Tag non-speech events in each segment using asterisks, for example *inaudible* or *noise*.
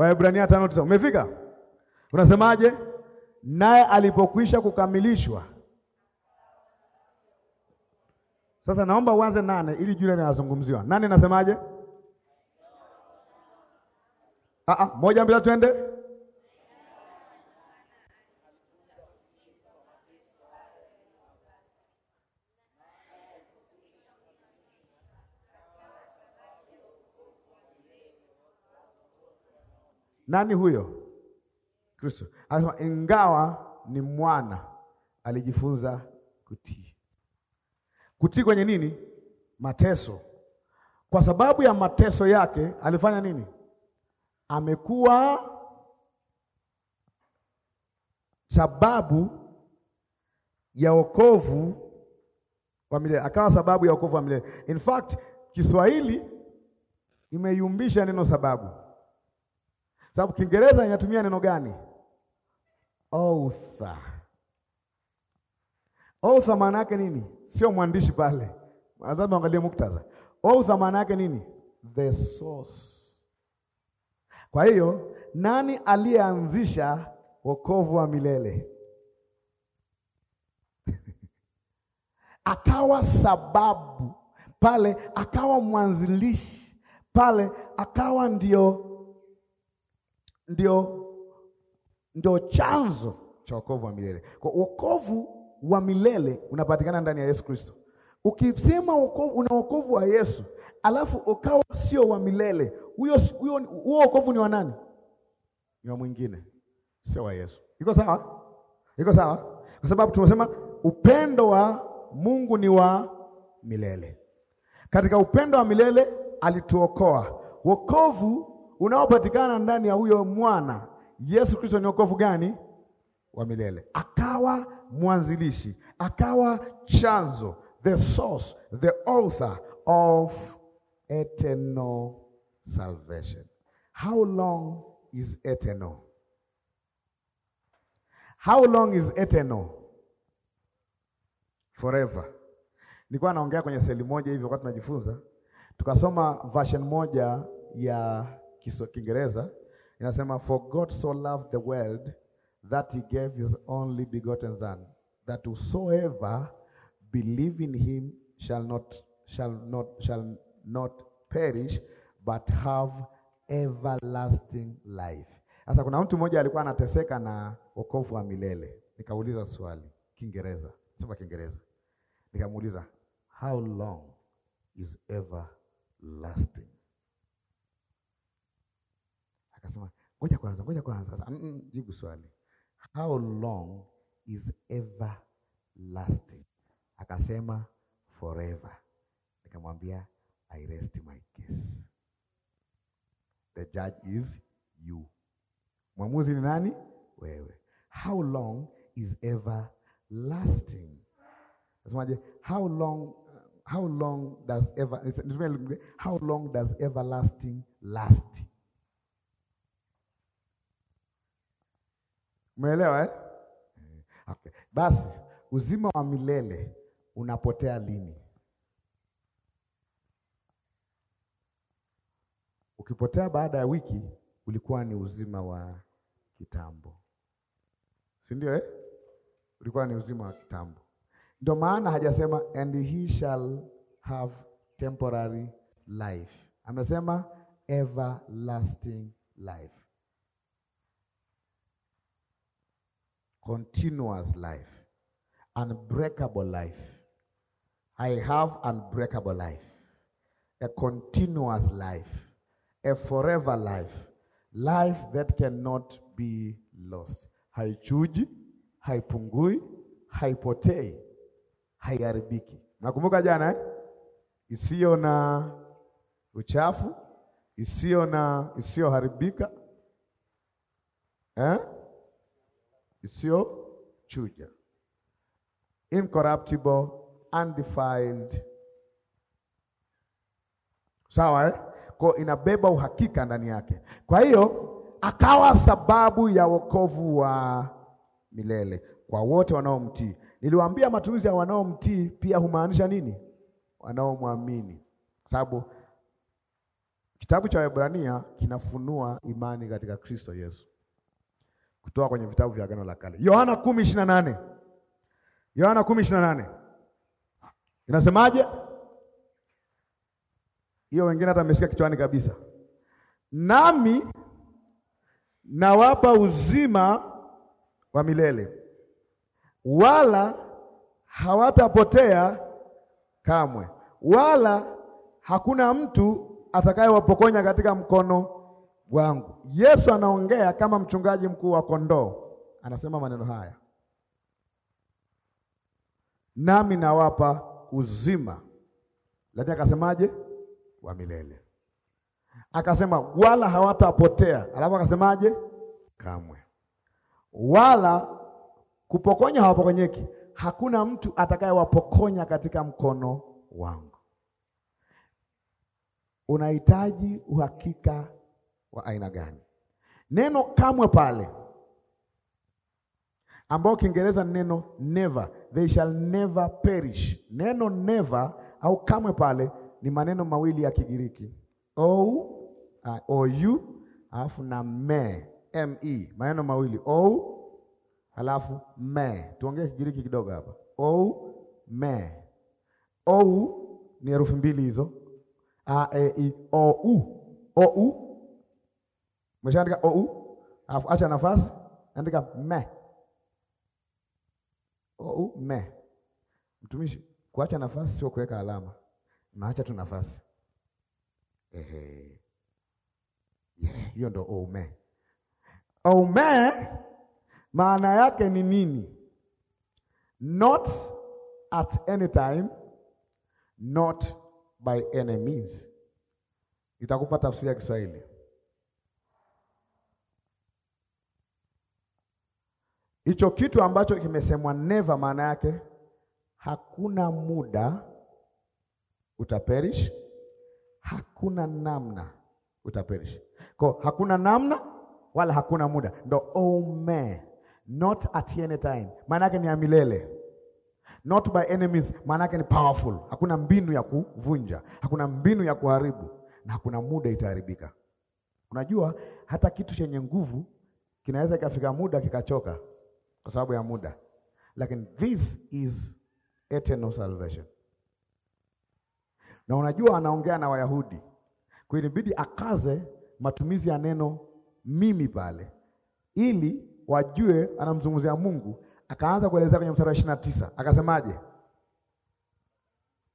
Waebrania tano tisa. Umefika? Unasemaje? Naye alipokwisha kukamilishwa. Sasa naomba uanze nane ili jule nazungumziwa nane, nasemaje? Ah ah, moja mbili, twende Nani huyo? Kristo. Anasema ingawa ni mwana alijifunza kutii. Kutii kwenye nini? Mateso. Kwa sababu ya mateso yake alifanya nini? Amekuwa sababu ya wokovu wa milele, akawa sababu ya wokovu wa milele. In fact Kiswahili imeyumbisha neno sababu sababu Kiingereza inatumia neno gani? Author. Author maana yake nini? Sio mwandishi pale, nadhani angalie muktadha. Author maana yake nini? The source. Kwa hiyo nani aliyeanzisha wokovu wa milele *laughs* akawa sababu pale, akawa mwanzilishi pale, akawa ndio ndio, ndio chanzo cha wokovu wa milele. Kwa wokovu wa milele unapatikana ndani ya Yesu Kristo. Ukisema una wokovu wa Yesu alafu ukawa sio wa milele, huyo huo wokovu ni wa nani? Ni wa mwingine, sio wa Yesu. Iko sawa? Iko sawa? Kwa sababu tumesema upendo wa Mungu ni wa milele. Katika upendo wa milele alituokoa. Wokovu unaopatikana ndani ya huyo mwana Yesu Kristo ni wokovu gani? Wa milele. Akawa mwanzilishi, akawa chanzo, the source, the author of eternal salvation. How long is eternal? How long is eternal? Forever. Nilikuwa naongea kwenye seli moja hivi wakati tunajifunza, tukasoma version moja ya Kiingereza inasema for God so loved the world that he gave his only begotten son that whosoever believe in him shall not shall not shall not perish but have everlasting life. Sasa kuna mtu mmoja alikuwa anateseka na wokovu wa milele. Nikauliza swali Kiingereza, sema Kiingereza. Nikamuuliza how long is everlasting Akasema ngoja kwanza, ngoja kwanza. Sasa mm, mm, jibu swali, how long is ever lasting? Akasema forever. Nikamwambia I rest my case. The judge is you. Mwamuzi ni nani? Wewe. How long is ever lasting? Nasemaje? How long how long does ever how long does everlasting last? Umeelewa eh? Okay. Basi uzima wa milele unapotea lini? Ukipotea baada ya wiki ulikuwa ni uzima wa kitambo, si ndio eh? Ulikuwa ni uzima wa kitambo. Ndio maana hajasema and he shall have temporary life, amesema everlasting life. continuous life, unbreakable life. I have unbreakable life, a continuous life, a forever life, life that cannot be lost. Haichuji, haipungui, haipotei, haiharibiki. Nakumbuka jana eh? Isiyo na uchafu, isiyo na isiyoharibika eh? isiyochuja, incorruptible, undefiled. Sawa eh? Kwa inabeba uhakika ndani yake. Kwa hiyo akawa sababu ya wokovu wa milele kwa wote wanaomtii. Niliwaambia matumizi ya wanaomtii pia humaanisha nini? Wanaomwamini, kwa sababu kitabu cha Waebrania kinafunua imani katika Kristo Yesu kutoka kwenye vitabu vya Agano la Kale. Yohana 10:28. Yohana 10:28. Inasemaje? Hiyo wengine hata mmeshika kichwani kabisa. Nami nawapa uzima wa milele, wala hawatapotea kamwe, wala hakuna mtu atakayewapokonya katika mkono wangu. Yesu anaongea kama mchungaji mkuu wa kondoo, anasema maneno haya, nami nawapa uzima, lakini akasemaje? Wa milele. Akasema wala hawatapotea, alafu akasemaje? Kamwe wala kupokonya hawapokonyeki, hakuna mtu atakayewapokonya katika mkono wangu. Unahitaji uhakika wa aina gani? Neno kamwe pale ambao Kiingereza neno never, they shall never perish. Neno never au kamwe pale ni maneno mawili ya Kigiriki ou ou, alafu na me me, maneno mawili ou halafu me. Tuongee Kigiriki kidogo hapa. Ou me, ou ni herufi mbili hizo a e i o u o u Umeshaandika ou, oh, oh. alafu acha nafasi, andika me. Ou oh, me. Mtumishi, kuacha nafasi sio kuweka alama, naacha tu nafasi. Ehe, yeah, hiyo ndo ou me. Ou me maana yake ni nini? Not at any time, not by any means. Itakupa tafsiri ya Kiswahili Hicho kitu ambacho kimesemwa never, maana yake hakuna muda utaperish, hakuna namna utaperish. Kwa hakuna namna wala hakuna muda, ndo ome, not at any time, maana yake ni ya milele. Not by enemies, maana yake ni powerful. Hakuna mbinu ya kuvunja, hakuna mbinu ya kuharibu, na hakuna muda itaharibika. Unajua hata kitu chenye nguvu kinaweza kikafika muda kikachoka kwa sababu ya muda, lakini this is eternal salvation. Na unajua anaongea na Wayahudi, kwa inabidi akaze matumizi ya neno mimi pale, ili wajue anamzungumzia Mungu. Akaanza kuelezea kwenye mstari wa ishirini na tisa akasemaje?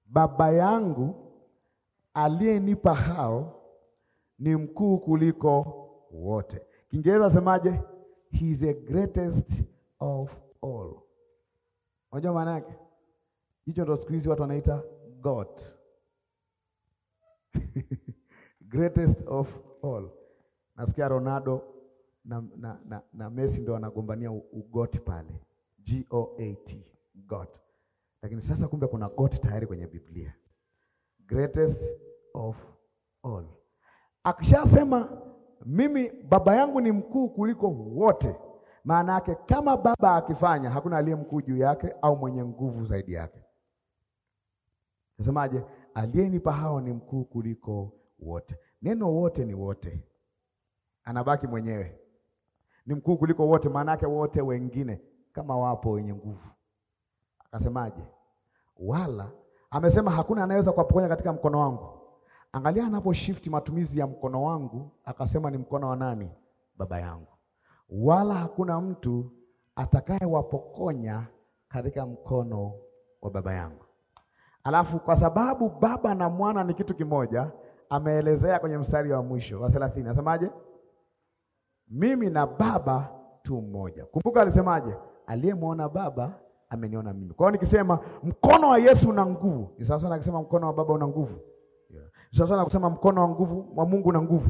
Baba yangu aliyenipa hao ni mkuu kuliko wote. Kiingereza asemaje? He is the greatest of all. Unajua maana yake? Hicho ndo siku hizi watu wanaita God *laughs* greatest of all. Nasikia Ronaldo na, na, na, na Messi ndo wanagombania ugoti pale G O A T God, lakini sasa kumbe kuna God tayari kwenye Biblia, greatest of all. Akishasema mimi baba yangu ni mkuu kuliko wote, maana yake kama baba akifanya, hakuna aliye mkuu juu yake au mwenye nguvu zaidi yake. Nasemaje? Aliyenipa hao ni mkuu kuliko wote. Neno wote ni wote, anabaki mwenyewe ni mkuu kuliko wote, maana yake wote wengine kama wapo wenye nguvu. Akasemaje? Wala amesema hakuna anayeweza kuwapokonya katika mkono wangu. Angalia anapo shift matumizi ya mkono wangu, akasema ni mkono wa nani? Baba yangu wala hakuna mtu atakayewapokonya katika mkono wa Baba yangu. Alafu kwa sababu Baba na Mwana ni kitu kimoja, ameelezea kwenye mstari wa mwisho wa 30. Anasemaje? Mimi na Baba tu mmoja. Kumbuka alisemaje? Aliyemwona Baba ameniona mimi. Kwa hiyo nikisema mkono wa Yesu una nguvu, ni sawa sana kusema mkono wa Baba una nguvu. Ni sawa sana kusema mkono wa nguvu wa Mungu una nguvu.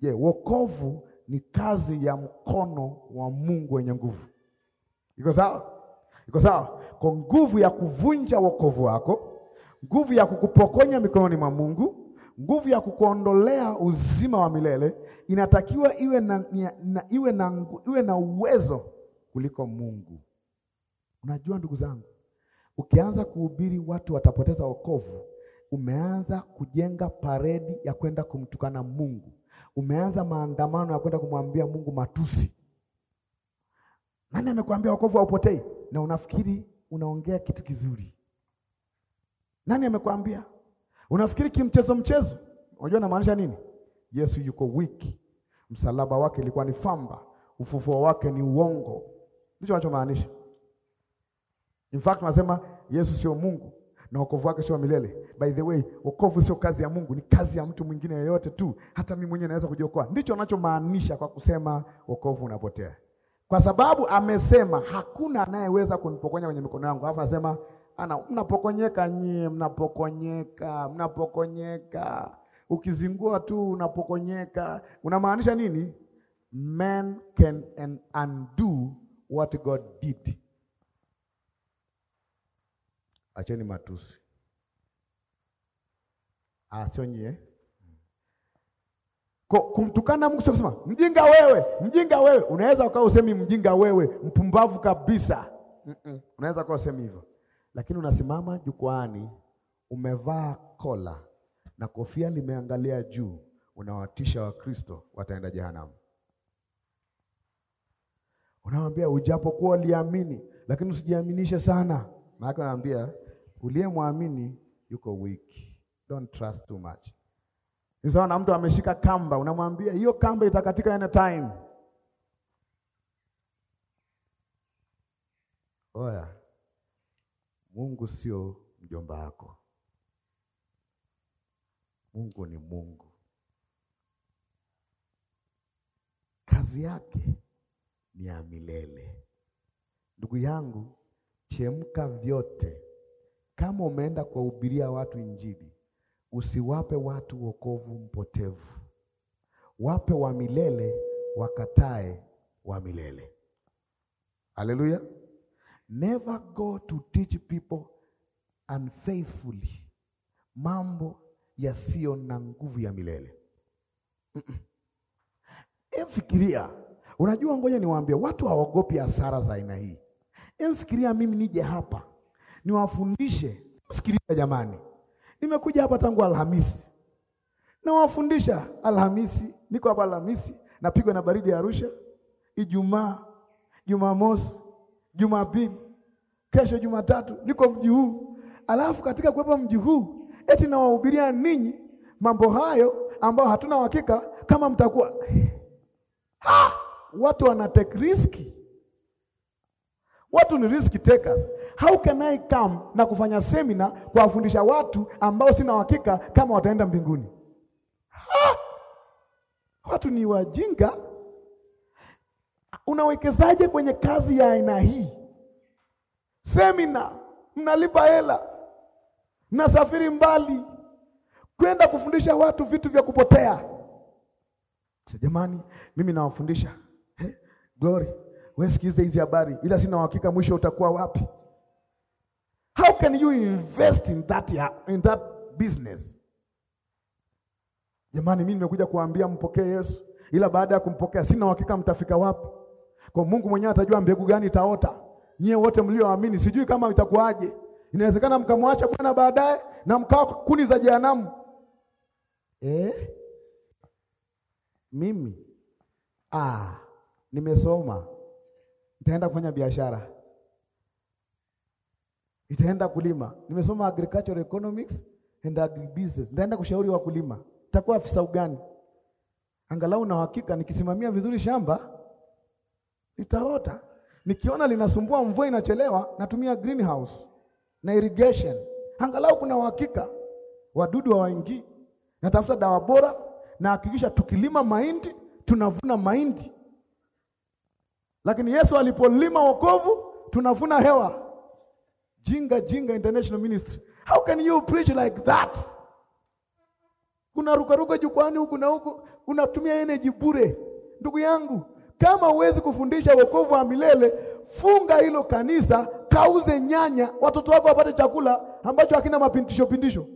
Je, wokovu ni kazi ya mkono wa Mungu wenye nguvu. Iko sawa? Iko sawa? Kwa nguvu ya kuvunja wokovu wako, nguvu ya kukupokonya mikononi mwa Mungu, nguvu ya kukuondolea uzima wa milele, inatakiwa iwe na, na, iwe na, iwe na uwezo kuliko Mungu. Unajua ndugu zangu, ukianza kuhubiri watu watapoteza wokovu, umeanza kujenga paredi ya kwenda kumtukana Mungu umeanza maandamano ya kwenda kumwambia Mungu matusi. Nani amekuambia wokovu haupotei? Na unafikiri unaongea kitu kizuri. Nani amekuambia Unafikiri kimchezo mchezo? Unajua namaanisha nini? Yesu yuko wiki, msalaba wake ilikuwa ni famba, ufufuo wake ni uongo. Ndicho anachomaanisha. In fact, nasema Yesu sio Mungu, na wokovu wake sio milele. By the way, wokovu sio kazi ya Mungu, ni kazi ya mtu mwingine yeyote tu. Hata mimi mwenyewe naweza kujiokoa. Ndicho anachomaanisha kwa kusema wokovu unapotea, kwa sababu amesema hakuna anayeweza kunipokonya kwenye mikono yangu, alafu anasema ana mnapokonyeka nyie, mnapokonyeka, mnapokonyeka, ukizingua tu unapokonyeka. Unamaanisha nini? Man can undo what God did acheni matusi. Ah, sio nyie. Kumtukana Mungu sio kusema mjinga wewe, mjinga wewe. Unaweza ukawa usemi mjinga wewe, mpumbavu kabisa. Mm -mm. Unaweza ukawa usemi hivyo, lakini unasimama jukwaani umevaa kola na kofia limeangalia juu, unawatisha Wakristo wataenda jehanamu. Unawaambia ujapokuwa uliamini, lakini usijiaminishe sana, maana anaambia uliye mwamini yuko weak. Don't trust too much. Ni sawa na mtu ameshika kamba, unamwambia hiyo kamba itakatika any time. Oya, Mungu sio mjomba wako. Mungu ni Mungu. Kazi yake ni ya milele. Ndugu yangu, chemka vyote kama umeenda kuwahubiria watu Injili, usiwape watu wokovu mpotevu, wape wa milele, wakatae wa milele. Haleluya! Never go to teach people unfaithfully, mambo yasiyo na nguvu ya milele. mm -mm. Emfikiria, unajua, ngoja niwaambie watu hawaogopi hasara za aina hii. Emfikiria mimi nije hapa niwafundishe. kusikiliza jamani, nimekuja hapa tangu Alhamisi, nawafundisha Alhamisi, niko hapa Alhamisi, napigwa na baridi ya Arusha, Ijumaa, Jumamosi, Jumapili, kesho Jumatatu, niko mji huu, alafu katika kuwepo mji huu eti nawahubiria ninyi mambo hayo ambayo hatuna uhakika kama mtakuwa ha! Watu wana take riski Watu ni risk takers. How can I come na kufanya semina kuwafundisha watu ambao sina uhakika kama wataenda mbinguni? Ha! Watu ni wajinga. Unawekezaje kwenye kazi ya aina hii? Semina mnalipa hela, nasafiri mbali kwenda kufundisha watu vitu vya kupotea. Sasa jamani, mimi nawafundisha hey, eh, glory wewe hizi habari, ila sina uhakika mwisho utakuwa wapi. How can you invest in that, in that business? Jamani, mimi nimekuja kuambia mpokee Yesu, ila baada ya kumpokea sina uhakika mtafika wapi. Kwa Mungu mwenyewe atajua mbegu gani itaota. Nyie wote mlioamini, sijui kama itakuwaje. Inawezekana mkamwacha Bwana baadaye na mkawa kuni za jehanamu. Eh? Mimi ah, nimesoma itaenda kufanya biashara, itaenda kulima. Nimesoma agricultural economics and agribusiness, nitaenda kushauri wakulima. nitakuwa afisa ugani, angalau na uhakika, nikisimamia vizuri shamba nitaota. Nikiona linasumbua, mvua inachelewa, natumia greenhouse na irrigation, angalau kuna uhakika, wadudu hawaingii. Natafuta dawa bora, nahakikisha tukilima mahindi tunavuna mahindi lakini Yesu alipolima wokovu, tunavuna hewa. Jinga Jinga International Ministry. How can you preach like that? Kuna ruka jukwani huku na huku, unatumia energy bure. Ndugu yangu, kama huwezi kufundisha wokovu wa milele, funga hilo kanisa, kauze nyanya, watoto wako wapate chakula ambacho hakina mapindisho pindisho.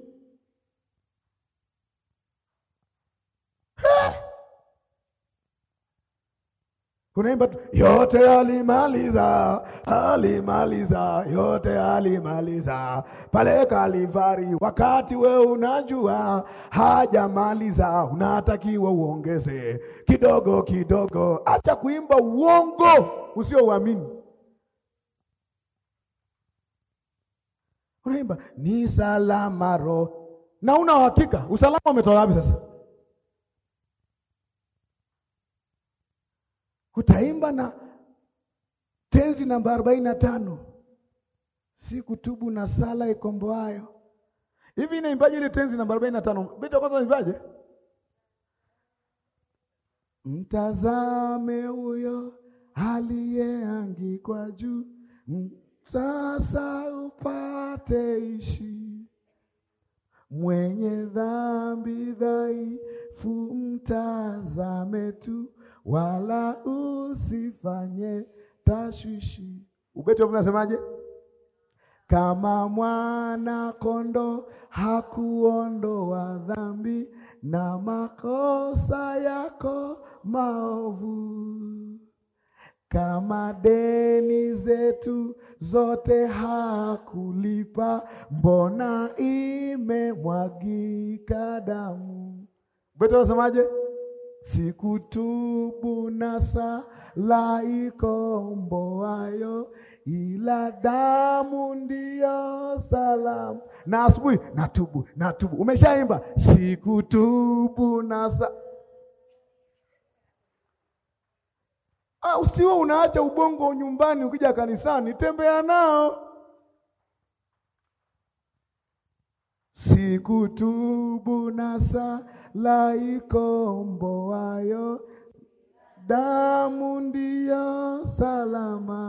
tu yote alimaliza, alimaliza, yote alimaliza pale kalivari Wakati we unajua hajamaliza, unatakiwa uongeze kidogo kidogo. Acha kuimba uongo usiouamini. Unaimba ni salama roho na una uhakika usalama umetoka wapi sasa? Utaimba na tenzi namba arobaini na tano si kutubu na sala ikomboayo. Hivi inaimbaje ile tenzi namba arobaini na tano Bita kwanza naimbaje? Mtazame huyo aliyeangikwa juu, sasa upate ishi, mwenye dhambi dhaifu mtazame tu wala usifanye tashwishi. Ubeti wa unasemaje? Kama mwana kondo hakuondoa dhambi na makosa yako maovu, kama deni zetu zote hakulipa, mbona imemwagika damu? Ubeti unasemaje? Sikutubu na sala ikomboayo, ila damu ndiyo salamu. Na asubuhi natubu, natubu. Umeshaimba sikutubu na sa... Ah, usiwe unaacha ubongo nyumbani, ukija kanisani tembea nao Sikutubu na sala ikomboayo, damu ndiyo salama,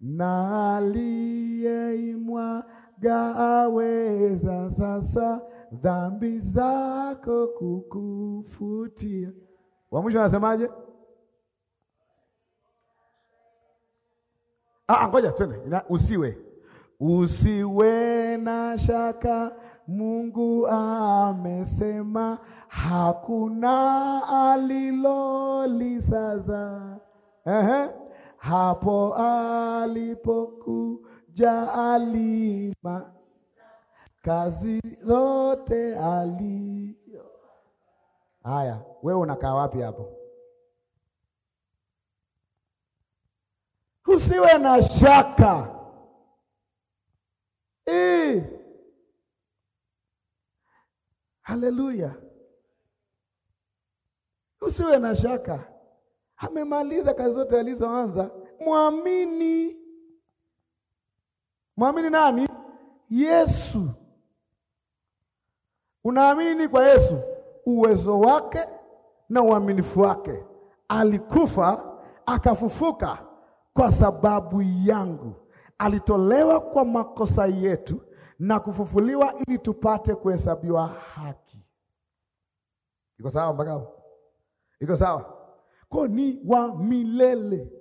na aliyeimwaga aweza sasa dhambi zako kukufutia. Wa mwisho anasemaje? Ah, ah ngoja twende, usiwe Usiwe na shaka, Mungu amesema, hakuna alilolisaza. Ehe, hapo alipokuja alima kazi zote ali. Haya, wewe unakaa wapi hapo? Usiwe na shaka Hey. Eh. Haleluya. Usiwe na shaka. Amemaliza kazi zote alizoanza. Mwamini. Mwamini nani? Yesu. Unaamini kwa Yesu uwezo wake na uaminifu wake. Alikufa akafufuka kwa sababu yangu alitolewa kwa makosa yetu na kufufuliwa ili tupate kuhesabiwa haki. Iko sawa mpaka hapo? Iko sawa? Kwa ni wa milele.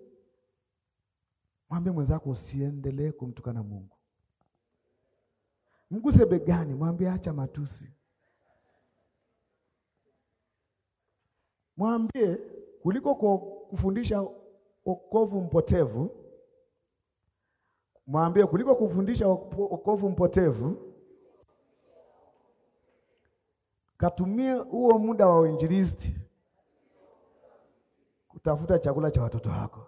Mwambie mwenzako usiendelee kumtukana Mungu. Mguse begani, mwambie acha matusi. Mwambie kuliko kufundisha wokovu mpotevu Mwambie kuliko kufundisha wokovu mpotevu, katumie huo muda wa uinjilisti kutafuta chakula cha watoto wako.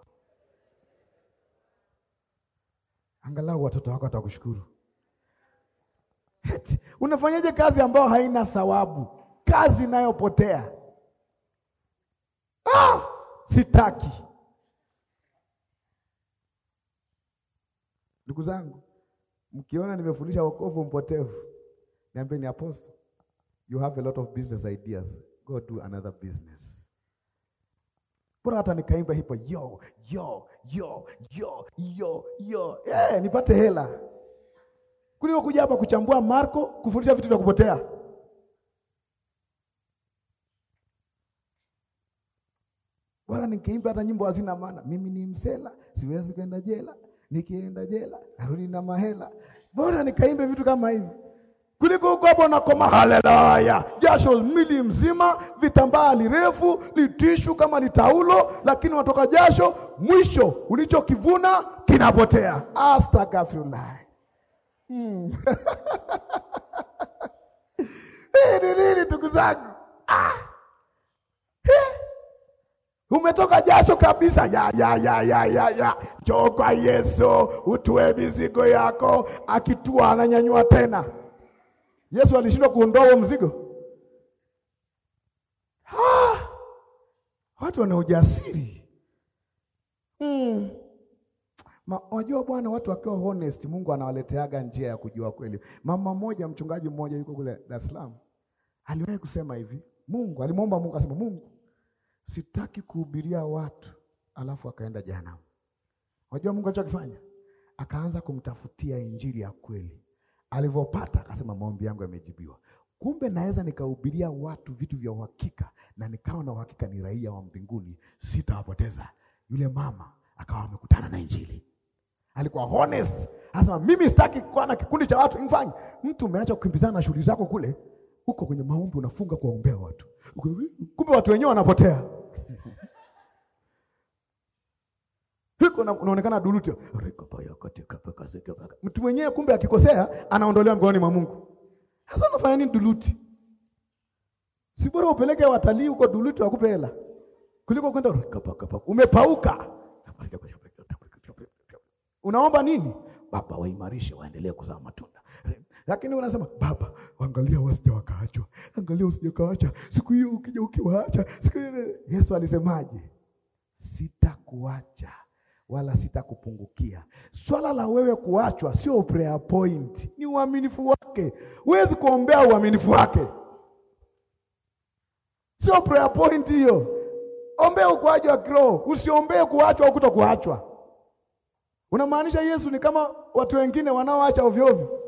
Angalau watoto wako watakushukuru. unafanyaje kazi ambayo haina thawabu, kazi inayopotea? Ah, sitaki ndugu zangu, mkiona nimefundisha wokovu mpotevu, ni apostle, you have a lot of business ideas, go do another business. Bora hata nikaimba hipo yo yo yo yo yo yo, eh, nipate hela kuliko kuja hapa kuchambua Marko, kufundisha vitu vya kupotea. Bora nikaimba hata nyimbo hazina maana, mimi ni msela, siwezi kwenda jela nikienda jela narudi na mahela, bora nikaimbe vitu kama hivi kuliko huko hapo nakoma. Haleluya! Jasho mili mzima, vitambaa lirefu litishu kama ni taulo, lakini unatoka jasho, mwisho ulichokivuna kinapotea. Astagfirullah. Hmm. *laughs* Ni nini ndugu zangu? Ah! Umetoka jasho kabisa ya, ya, ya, ya, ya, ya. Njoo kwa Yesu utue mizigo yako, akitua ananyanyua tena. Yesu alishindwa kuondoa huo mzigo ha! Watu wana ujasiri hmm. Unajua bwana, watu wakiwa honest, Mungu anawaleteaga njia ya kujua kweli. Mama mmoja, mchungaji mmoja, yuko kule Dar es Salaam, aliwahi kusema hivi, Mungu alimwomba Mungu, asema Mungu sitaki kuhubiria watu, alafu akaenda jehanamu. Unajua Mungu alichokifanya, akaanza kumtafutia injili ya kweli. Alivyopata akasema, maombi yangu yamejibiwa. Kumbe naweza nikahubiria watu vitu vya uhakika, na nikawa na uhakika ni raia wa mbinguni, sitawapoteza. Yule mama akawa amekutana na injili, alikuwa honest, anasema mimi sitaki kuwa na kikundi cha watu. mfanye mtu umeacha kukimbizana na shughuli zako kule uko kwenye maombi, unafunga kuwaombea watu, kumbe watu wenyewe wanapotea. *laughs* huko unaonekana duruti mtu mwenyewe, kumbe akikosea anaondolewa mkononi mwa Mungu. Sasa unafanya nini duluti? Si bora upeleke watalii huko duluti wakupe hela kuliko kwenda umepauka. Unaomba nini? Baba waimarishe, waendelee kuzaa matunda. Lakini unasema baba, angalia wasije wakaachwa, angalia usije kaacha siku hiyo, ukija ukiwaacha siku hiyo. Yesu alisemaje? Sitakuacha wala sitakupungukia. Swala la wewe kuachwa sio prayer point, ni uaminifu wake. Huwezi kuombea uaminifu wake, sio prayer point hiyo. Ombea ukuaji wa kiroho, usiombee kuachwa au kutokuachwa. Unamaanisha Yesu ni kama watu wengine wanaoacha ovyo ovyo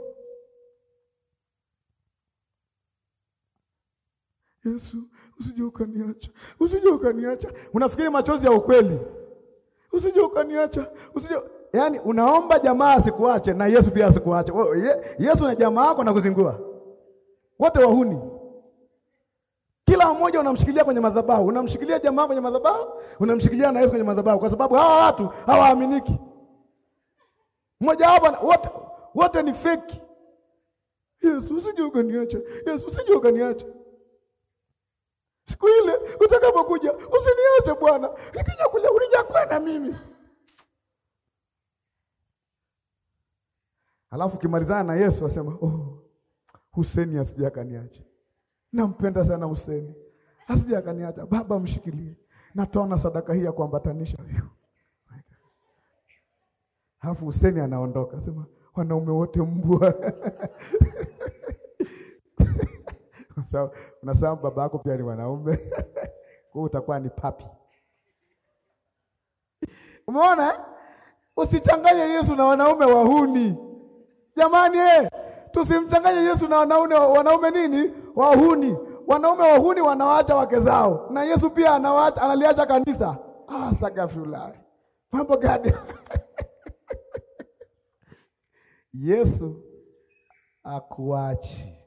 Yesu, usije ukaniacha, usije ukaniacha. Unafikiri machozi ya ukweli, usije ukaniacha, usije yaani, unaomba jamaa asikuache na Yesu pia asikuache. Yesu na jamaa yako anakuzingua wote, wahuni. Kila mmoja unamshikilia kwenye madhabahu, unamshikilia jamaa kwenye madhabahu, unamshikilia na Yesu kwenye madhabahu, kwa sababu hawa watu hawaaminiki. Mmoja wapo wote, wote ni feki. Yesu usije ukaniacha, Yesu usije ukaniacha siku ile utakapokuja, usiniache Bwana, nikija kule uninyakue na mimi. Alafu kimalizana na Yesu asema, oh, Huseni asija akaniache, nampenda sana Huseni, asija akaniacha. Baba, mshikilie, natoa na sadaka hii ya kuambatanisha. Alafu Huseni anaondoka, sema wanaume wote mbwa *laughs* unasema baba yako pia ni mwanaume *laughs* kwa hiyo utakuwa ni papi. Umeona, usichanganye Yesu na wanaume wahuni jamani, eh, tusimchanganye Yesu na wanaume, wanaume nini wahuni. Wanaume wahuni wanawaacha wake zao, na Yesu pia anawaacha, analiacha kanisa. Ah, sagafula mambo gani? *laughs* Yesu akuachi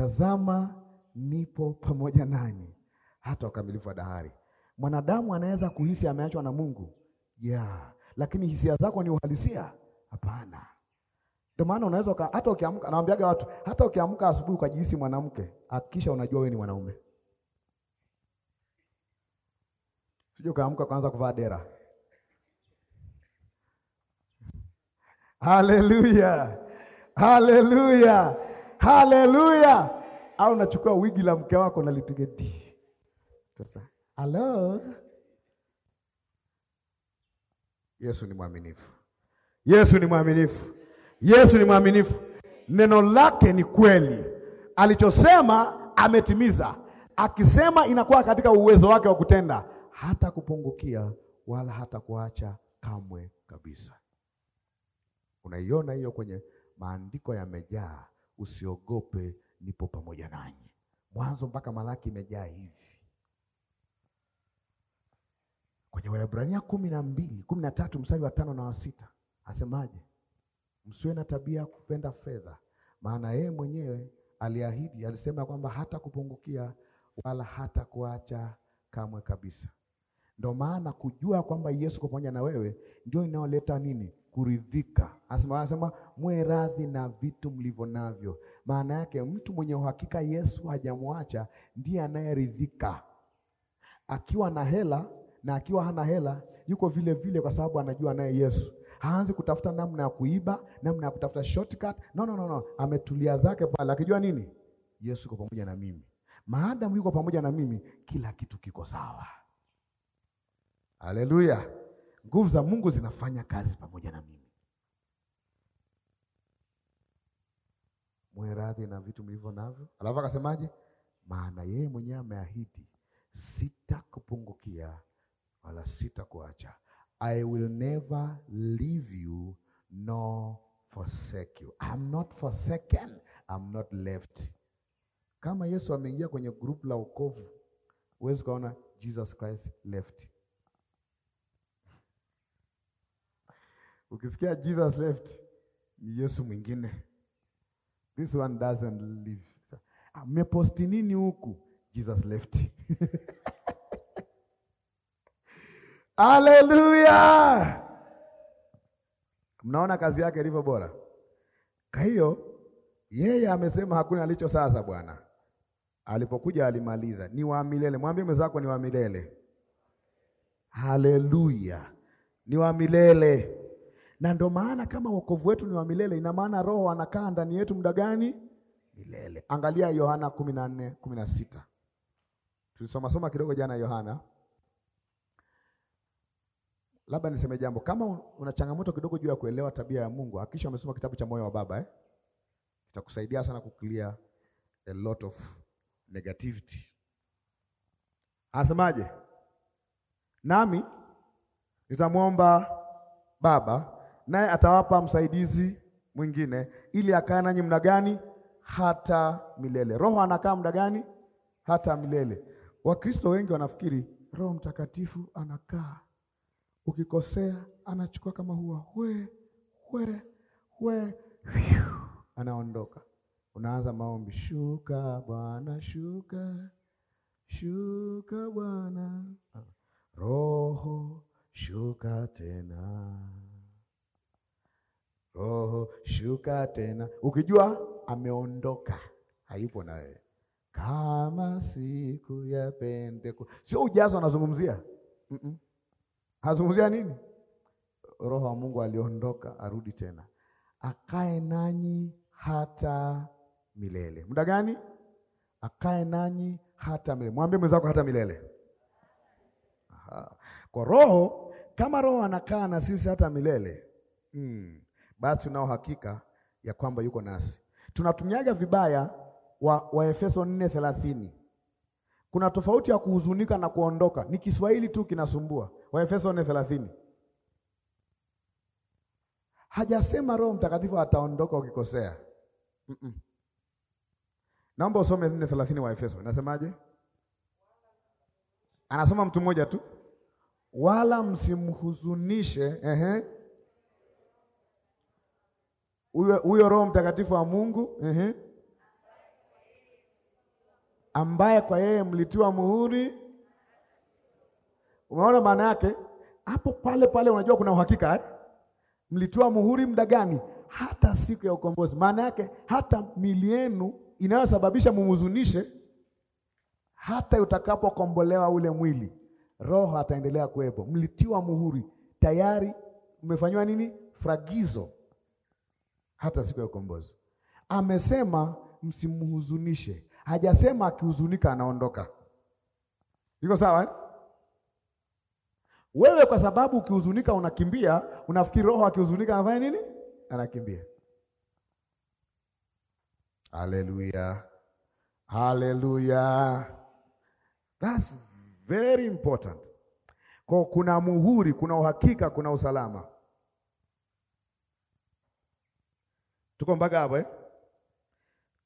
tazama nipo pamoja nanyi hata ukamilifu wa dahari. Mwanadamu anaweza kuhisi ameachwa na Mungu yeah, lakini hisia zako ni uhalisia? Hapana. Ndio maana unaweza hata ukiamka, nawaambiaga watu, hata ukiamka asubuhi ukajihisi mwanamke, hakikisha unajua wewe ni mwanaume. Sio ukaamka kwanza kuvaa dera. Haleluya, haleluya. Haleluya! Au nachukua wigi la mke wako nalipiga di. Sasa halo, Yesu ni mwaminifu, Yesu ni mwaminifu, Yesu ni mwaminifu. Neno lake ni kweli, alichosema ametimiza. Akisema inakuwa katika uwezo wake wa kutenda, hata kupungukia wala hata kuacha kamwe kabisa. Unaiona hiyo kwenye maandiko yamejaa usiogope, nipo pamoja nanyi. Mwanzo mpaka Malaki imejaa hivi. Kwenye Waebrania kumi na mbili kumi na tatu mstari wa tano na wa sita asemaje? Msiwe na tabia ya kupenda fedha, maana yeye mwenyewe aliahidi, alisema kwamba hata kupungukia wala hata kuacha kamwe kabisa. ndo maana kujua kwamba Yesu kwa pamoja na wewe ndio inaoleta nini? kuridhika. Asema anasema mwe radhi na vitu mlivyo navyo. Maana yake mtu mwenye uhakika Yesu hajamwacha ndiye anayeridhika, akiwa na hela na akiwa hana hela, yuko vile vile, kwa sababu anajua naye Yesu haanzi kutafuta namna ya kuiba, namna ya kutafuta shortcut. No, no, no, no. Ametulia zake pale akijua nini, Yesu yuko pamoja na mimi. Maadamu yuko pamoja na mimi, kila kitu kiko sawa. Haleluya nguvu za Mungu zinafanya kazi pamoja na mimi. Mwe radhi na vitu mlivyo navyo. Alafu akasemaje? Maana yeye mwenyewe ameahidi, sitakupungukia wala sitakuacha. I will never leave you nor forsake you. I'm not forsaken, I'm not left. Kama Yesu ameingia kwenye grupu la wokovu, huwezi kaona Jesus Christ left. Ukisikia Jesus left ni Yesu mwingine. This one doesn't live. Ameposti nini huku? Jesus left. *laughs* Haleluya! Mnaona kazi yake ilivyo bora. Kwa hiyo yeye amesema hakuna alicho sasa Bwana alipokuja alimaliza, ni wa milele. Mwambie mwenzako ni wa milele. Haleluya, ni wa milele na ndio maana kama wokovu wetu ni wa milele, ina maana Roho anakaa ndani yetu muda gani? Milele. Angalia Yohana kumi na nne kumi na sita tulisoma soma kidogo jana Yohana. Labda niseme jambo, kama una changamoto kidogo juu ya kuelewa tabia ya Mungu, hakisha umesoma kitabu cha Moyo wa Baba eh? Kitakusaidia sana kuclear a lot of negativity. Asemaje? Nami nitamwomba Baba naye atawapa msaidizi mwingine ili akae nanyi muda gani? Hata milele. Roho anakaa muda gani? Hata milele. Wakristo wengi wanafikiri Roho Mtakatifu anakaa, ukikosea anachukua kama hua we we we, anaondoka. Unaanza maombi, shuka Bwana, shuka shuka Bwana, Roho shuka tena Roho shuka tena, ukijua ameondoka, hayupo na wewe, kama siku ya Pentekoste. Sio ujazo anazungumzia, mm -mm. Anazungumzia nini? Roho wa Mungu aliondoka, arudi tena, akae nanyi hata milele. Muda gani? Akae nanyi hata milele. Mwambie mwenzako hata milele. Aha. Kwa Roho, kama Roho anakaa na sisi hata milele mm basi tunao hakika ya kwamba yuko nasi. Tunatumiaga vibaya wa Waefeso 4:30. Kuna tofauti ya kuhuzunika na kuondoka. Ni Kiswahili tu kinasumbua. Waefeso 4:30. Hajasema Roho Mtakatifu ataondoka ukikosea. Mm -mm. Naomba usome 4:30 wa Efeso. Nasemaje? Anasoma mtu mmoja tu. Wala msimhuzunishe, ehe huyo Roho Mtakatifu wa Mungu -huh. ambaye kwa yeye mlitiwa muhuri. Umeona maana yake hapo? Pale pale unajua kuna uhakika eh? Mlitiwa muhuri muda gani? Hata siku ya ukombozi. Maana yake hata mili yenu inayosababisha mumuzunishe, hata utakapokombolewa ule mwili, roho ataendelea kuwepo. Mlitiwa muhuri tayari, umefanywa nini? Fragizo hata siku ya ukombozi. Amesema msimhuzunishe, hajasema akihuzunika anaondoka. Iko sawa eh? Wewe kwa sababu ukihuzunika unakimbia, unafikiri roho akihuzunika anafanya nini? Anakimbia. Haleluya, haleluya, that's very important. Kwa kuna muhuri, kuna uhakika, kuna usalama. Tuko mpaka hapo eh?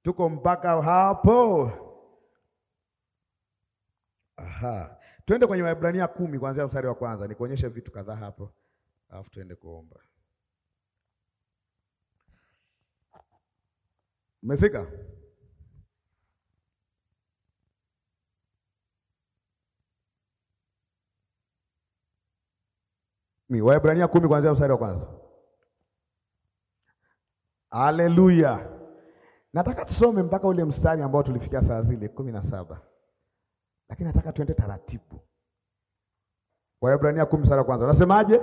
Tuko mpaka hapo. Aha. Twende kwenye Waebrania kumi kuanzia mstari wa kwanza nikuonyeshe vitu kadhaa hapo, alafu tuende kuomba. Umefika? Waebrania kumi kuanzia mstari wa kwanza. Haleluya. Nataka tusome mpaka ule mstari ambao tulifikia saa zile kumi na saba, lakini nataka tuende taratibu. Waebrania kumi mstari wa kwanza unasemaje?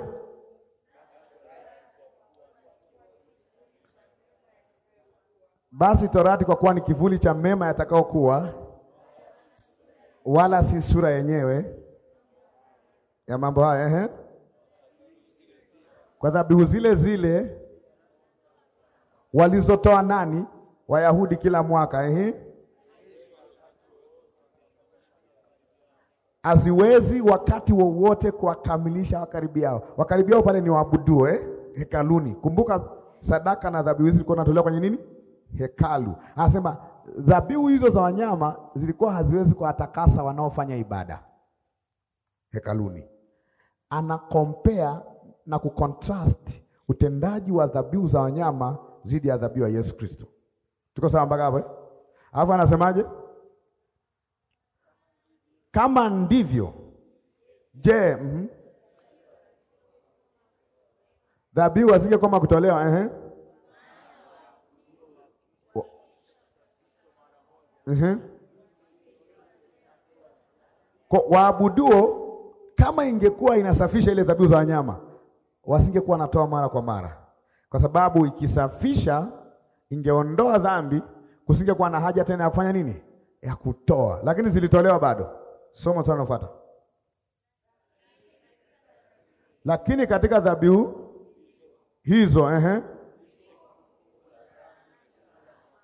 Basi torati kwa kuwa ni kivuli cha mema yatakaokuwa, wala si sura yenyewe ya mambo haya, ehe, kwa dhabihu zile zile walizotoa nani? Wayahudi kila mwaka eh? Haziwezi wakati wowote kuwakamilisha wakaribiao. Wakaribiao pale ni waabudu eh? Hekaluni. Kumbuka sadaka na dhabihu hizi zilikuwa zinatolewa kwenye nini? Hekalu. Anasema dhabihu hizo za wanyama zilikuwa haziwezi kuwatakasa wanaofanya ibada hekaluni. Ana compare na kucontrast utendaji wa dhabihu za wanyama dhidi ya adhabu ya Yesu Kristo. Tuko sawa mpaka hapo? Eh? Alafu anasemaje? Kama ndivyo, je, mm -hmm. dhabihu asingekoma kutolewa eh? Mhm. Kwa waabuduo kama ingekuwa inasafisha ile dhabihu za wanyama wasingekuwa wanatoa mara kwa mara kwa sababu ikisafisha, ingeondoa dhambi, kusingekuwa na haja tena ya kufanya nini, ya kutoa. Lakini zilitolewa bado. Somo tunalofuata lakini katika dhabihu hizo ehe,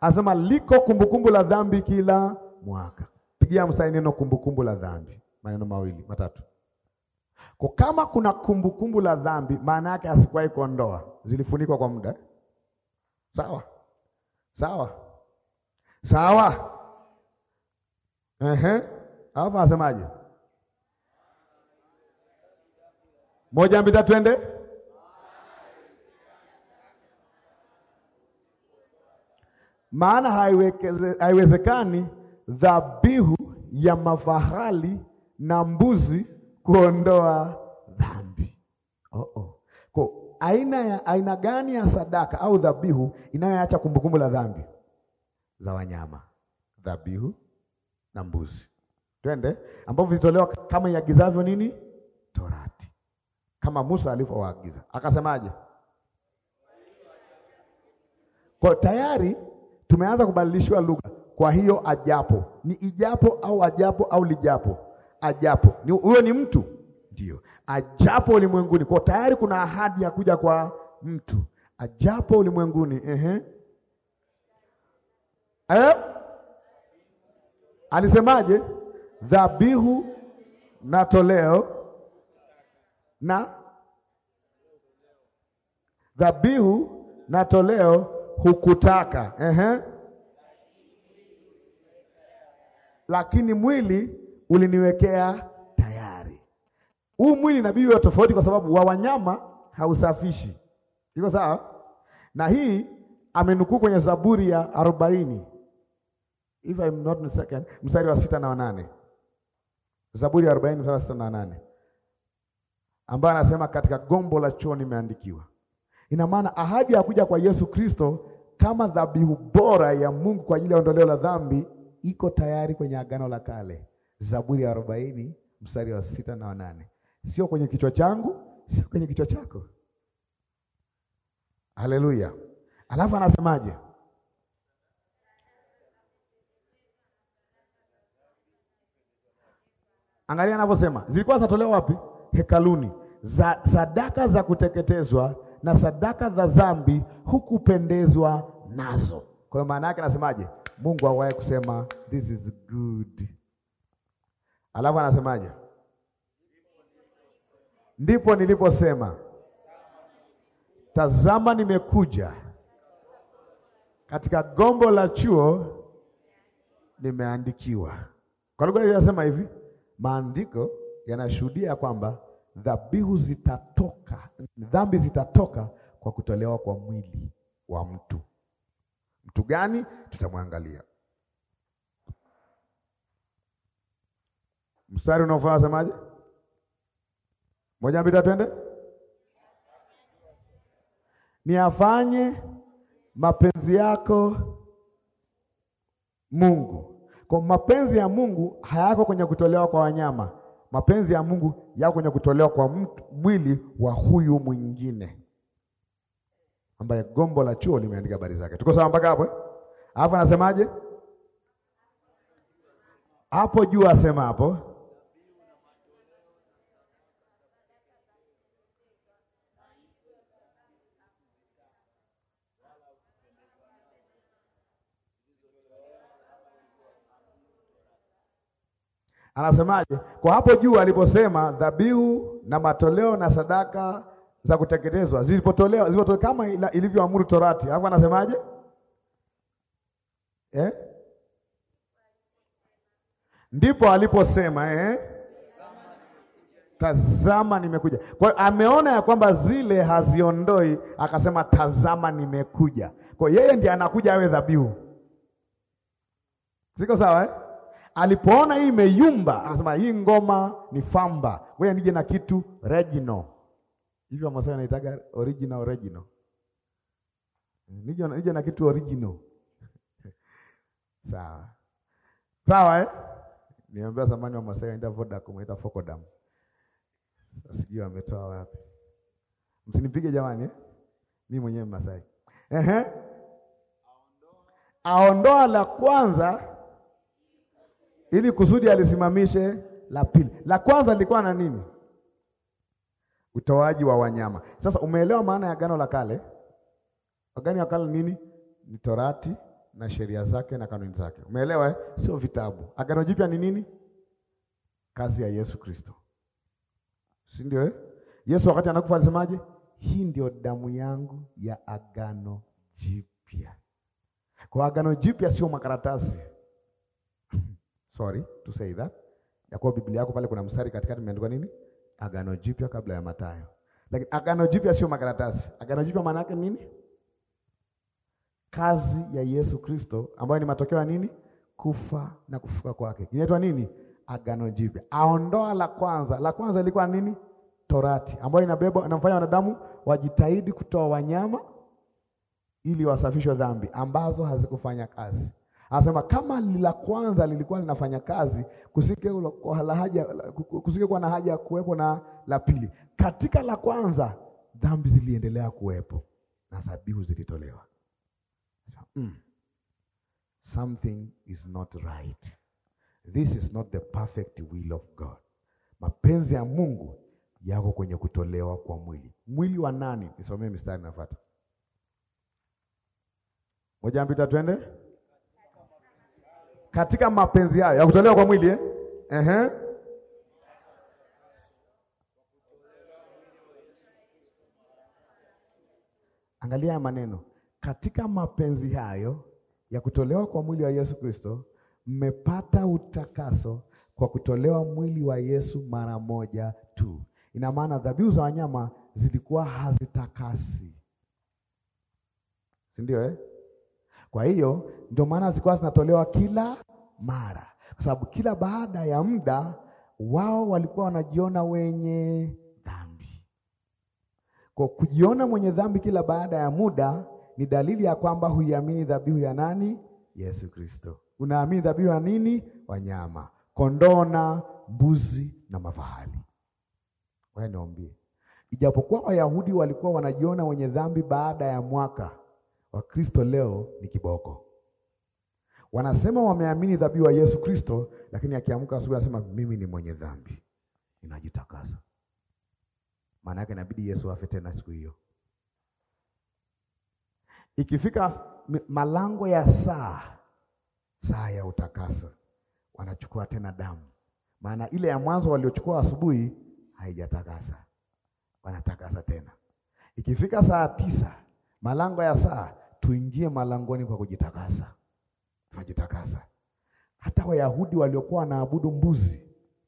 asema liko kumbukumbu la dhambi kila mwaka. Pigia msaini neno kumbukumbu la dhambi, maneno mawili matatu. Kwa kama kuna kumbukumbu kumbu la dhambi, maana yake asikwai kuondoa, zilifunikwa kwa muda. Sawa sawa sawa, ehe. Hapa asemaje? Moja mbili tatu, ende Maana haiwezekani dhabihu ya mafahali na mbuzi kuondoa dhambi. Oh oh. Kwa aina ya aina gani ya sadaka au dhabihu inayoacha kumbukumbu la dhambi za wanyama? Dhabihu na mbuzi. Twende ambavyo vitolewa kama iagizavyo nini? Torati. Kama Musa alivyowaagiza. Akasemaje? Kwa tayari tumeanza kubadilishwa lugha. Kwa hiyo ajapo ni ijapo au ajapo au lijapo ajapo. Huyo ni mtu ndio ajapo ulimwenguni. Kwa tayari kuna ahadi ya kuja kwa mtu ajapo ulimwenguni. Ehe, eh, alisemaje? Dhabihu na toleo na dhabihu na toleo hukutaka. Ehe, lakini mwili uliniwekea tayari. Huu mwili inabidi uwe tofauti, kwa sababu wa wanyama hausafishi. Iko sawa? Na hii amenukuu kwenye Zaburi ya arobaini if I'm not mistaken, mstari wa sita na wanane. Zaburi ya arobaini mstari wa sita na wanane ambayo anasema katika gombo la chuo nimeandikiwa. Ina maana ahadi ya kuja kwa Yesu Kristo kama dhabihu bora ya Mungu kwa ajili ya ondoleo la dhambi iko tayari kwenye agano la kale. Zaburi ya arobaini mstari wa sita na wanane. Sio kwenye kichwa changu, sio kwenye kichwa chako. Haleluya! Alafu anasemaje? Angalia anavyosema, zilikuwa zinatolewa wapi? Hekaluni. Za, sadaka za kuteketezwa na sadaka za dhambi hukupendezwa nazo. Kwa hiyo maana yake anasemaje? Mungu awaye kusema this is good Alafu anasemaje? Ndipo niliposema tazama, nimekuja katika gombo la chuo nimeandikiwa. Kwa lugha inasema hivi, maandiko yanashuhudia kwamba dhabihu zitatoka, dhambi zitatoka kwa kutolewa kwa mwili wa mtu. Mtu gani? Tutamwangalia Mstari unaofaa asemaje Moja, mbili, tatu, twende. Niafanye mapenzi yako Mungu. Kwa mapenzi ya Mungu hayako kwenye kutolewa kwa wanyama. Mapenzi ya Mungu yako kwenye kutolewa kwa mtu, mwili wa huyu mwingine ambaye gombo la chuo limeandika habari zake. Tuko sawa mpaka hapo? Eh? Alafu anasemaje hapo juu? Asema hapo Anasemaje? Kwa hapo juu aliposema dhabihu na matoleo na sadaka za kuteketezwa zilipotolewa, zilipotolewa kama ilivyoamuru Torati. Alafu anasemaje? Eh? Ndipo aliposema eh? Tazama nimekuja. Kwa hiyo ameona ya kwamba zile haziondoi, akasema tazama nimekuja. Kwa hiyo yeye ndiye anakuja awe dhabihu, siko sawa eh? alipoona hii imeyumba, anasema hii ngoma ni famba, ngoja nije na kitu original. Hivyo Wamasai wanaitaga original, original, nije nije na kitu original *laughs* sawa sawa, eh? Niambia zamani wa Masai aenda Vodacom, waenda Fokodam, sijui ametoa wapi. Msinipige jamani, eh? Mimi mwenyewe Masai. Ehe, aondoa la kwanza ili kusudi alisimamishe la pili. La kwanza lilikuwa na nini? Utoaji wa wanyama. Sasa umeelewa maana ya agano la kale? Agano la kale nini? Ni Torati na sheria zake na kanuni zake. Umeelewa eh? Sio vitabu. Agano jipya ni nini? Kazi ya Yesu Kristo, si ndio eh? Yesu wakati anakufa alisemaje? Hii ndio damu yangu ya agano jipya. Kwa agano jipya sio makaratasi sorry to say that, ya kuwa Biblia yako pale kuna mstari katikati imeandikwa nini? Agano Jipya kabla ya Mathayo. Lakini Agano Jipya sio makaratasi. Agano Jipya maana yake nini? Kazi ya Yesu Kristo ambayo ni matokeo ya nini? Kufa na kufuka kwake. Inaitwa nini? Agano Jipya. Aondoa la kwanza. La kwanza ilikuwa nini? Torati ambayo inabeba inamfanya wanadamu wajitahidi kutoa wanyama ili wasafishwe dhambi ambazo hazikufanya kazi. Anasema kama la kwanza lilikuwa linafanya kazi, kwa na haja ya kuwepo na la pili. Katika la kwanza dhambi ziliendelea kuwepo na dhabihu zilitolewa. Mm. Something is not right. This is not the perfect will of God. Mapenzi ya Mungu yako kwenye kutolewa kwa mwili. Mwili wa nani? Nisomee mistari nafuata. Moja, mbili, tatu, twende katika mapenzi hayo ya kutolewa kwa mwili eh? Ehe. Angalia haya maneno, katika mapenzi hayo ya kutolewa kwa mwili wa Yesu Kristo mmepata utakaso kwa kutolewa mwili wa Yesu mara moja tu. Ina maana dhabihu za wanyama zilikuwa hazitakasi, si ndio eh? Kwa hiyo ndio maana zilikuwa zinatolewa kila mara, kwa sababu kila baada ya muda wao walikuwa wanajiona wenye dhambi. Kwa kujiona mwenye dhambi kila baada ya muda ni dalili ya kwamba huiamini dhabihu ya nani? Yesu Kristo. Unaamini dhabihu ya nini? Wanyama, kondoo na mbuzi na mafahali. Wewe niambie, ijapokuwa Wayahudi walikuwa wanajiona wenye dhambi baada ya mwaka Wakristo leo ni kiboko. Wanasema wameamini dhabihu ya Yesu Kristo, lakini akiamka asubuhi anasema mimi ni mwenye dhambi, ninajitakasa. Maana yake inabidi Yesu afe tena siku hiyo. Ikifika malango ya saa saa ya utakaso, wanachukua tena damu, maana ile ya mwanzo waliochukua asubuhi haijatakasa, wanatakasa tena. Ikifika saa tisa Malango ya saa tuingie malangoni kwa kujitakasa. Tunajitakasa. Hata Wayahudi waliokuwa wanaabudu mbuzi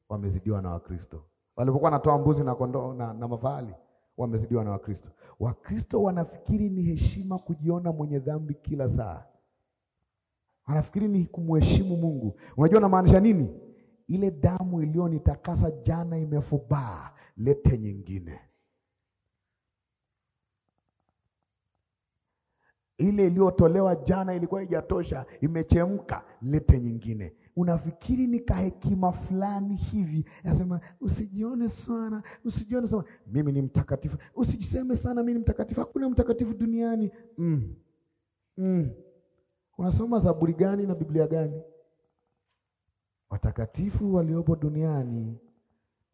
wamezidiwa na Wakristo. Walipokuwa wanatoa mbuzi na kondoo na, na mafahali wamezidiwa na Wakristo. Wakristo wanafikiri ni heshima kujiona mwenye dhambi kila saa. Wanafikiri ni kumheshimu Mungu. Unajua namaanisha nini? Ile damu iliyonitakasa jana imefubaa, lete nyingine. ile iliyotolewa jana ilikuwa haijatosha, imechemka, lete nyingine. Unafikiri ni kahekima fulani hivi, nasema usijione sana, usijione sana, mimi ni mtakatifu, usijiseme sana, mimi ni mtakatifu, hakuna mtakatifu duniani. mm. Mm. Unasoma Zaburi gani na Biblia gani? Watakatifu waliopo duniani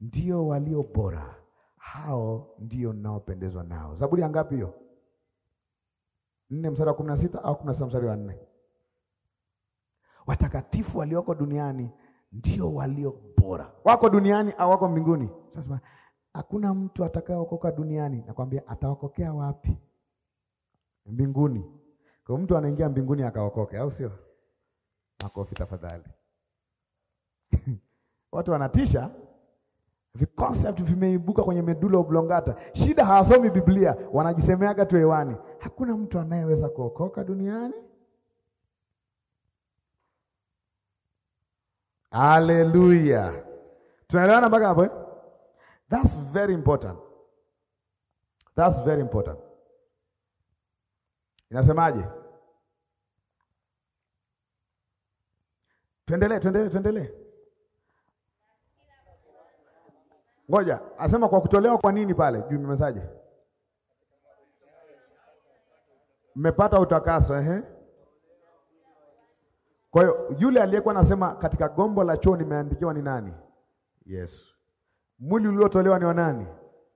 ndio walio bora, hao ndio naopendezwa nao. Zaburi ya ngapi hiyo? nne mstari wa kumi na sita au kumi na sita mstari wa nne watakatifu walioko duniani ndio walio bora, wako duniani au wako mbinguni? Sasa hakuna mtu atakayeokoka duniani, nakwambia atawakokea wapi? Mbinguni. Kwa mtu anaingia mbinguni akaokoke, au sio? Makofi tafadhali. *laughs* Watu wanatisha, viconcept vimeibuka kwenye medulla oblongata. Shida hawasomi Biblia, wanajisemeaga tu hewani hakuna mtu anayeweza kuokoka duniani. Haleluya, tunaelewana mpaka hapo eh? That's very important. That's very important. Inasemaje? Tuendelee, tuendelee, tuendelee. Ngoja, asema kwa kutolewa kwa nini pale juu, nimesaje? mmepata utakaso ehe. Kwa hiyo yule aliyekuwa anasema katika gombo la choo nimeandikiwa ni nani? Yesu. Mwili uliotolewa ni wa nani?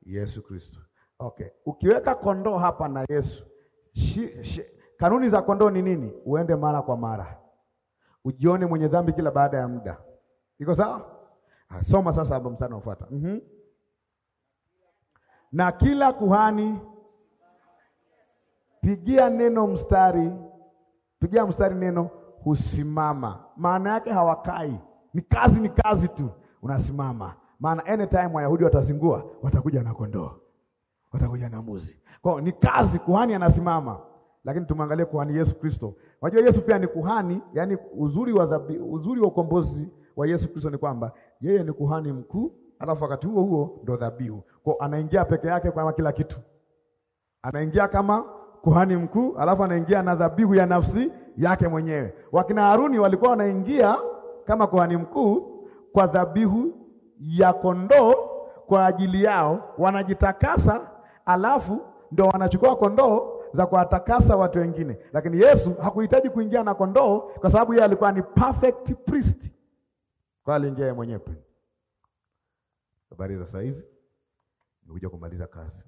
Yesu Kristo. Okay, ukiweka kondoo hapa na Yesu shi, shi. Kanuni za kondoo ni nini? Uende mara kwa mara, ujione mwenye dhambi kila baada ya muda. Iko sawa? Ah, soma sasa hapo mstari unaofuata. mm -hmm. Na kila kuhani pigia neno mstari, pigia mstari neno husimama. Maana yake hawakai, ni kazi, ni kazi tu, unasimama. Maana anytime Wayahudi watazingua, watakuja na kondoo, watakuja na mbuzi. Kwa ni kazi, kuhani anasimama. Lakini tumwangalie kuhani Yesu Kristo. Unajua Yesu pia ni kuhani, yani uzuri wa dhabi, uzuri wa ukombozi wa Yesu Kristo ni kwamba yeye ni kuhani mkuu, alafu wakati huo huo ndo dhabihu. Kwa anaingia peke yake kwa kila kitu. Anaingia kama kuhani mkuu, alafu anaingia na dhabihu ya nafsi yake mwenyewe. Wakina Haruni walikuwa wanaingia kama kuhani mkuu kwa dhabihu ya kondoo kwa ajili yao, wanajitakasa, alafu ndio wanachukua kondoo za kuwatakasa watu wengine. Lakini Yesu hakuhitaji kuingia na kondoo kwa sababu yeye alikuwa ni perfect priest, kwa aliingia yeye mwenyewe. Habari za saa hizi, kumaliza kazi.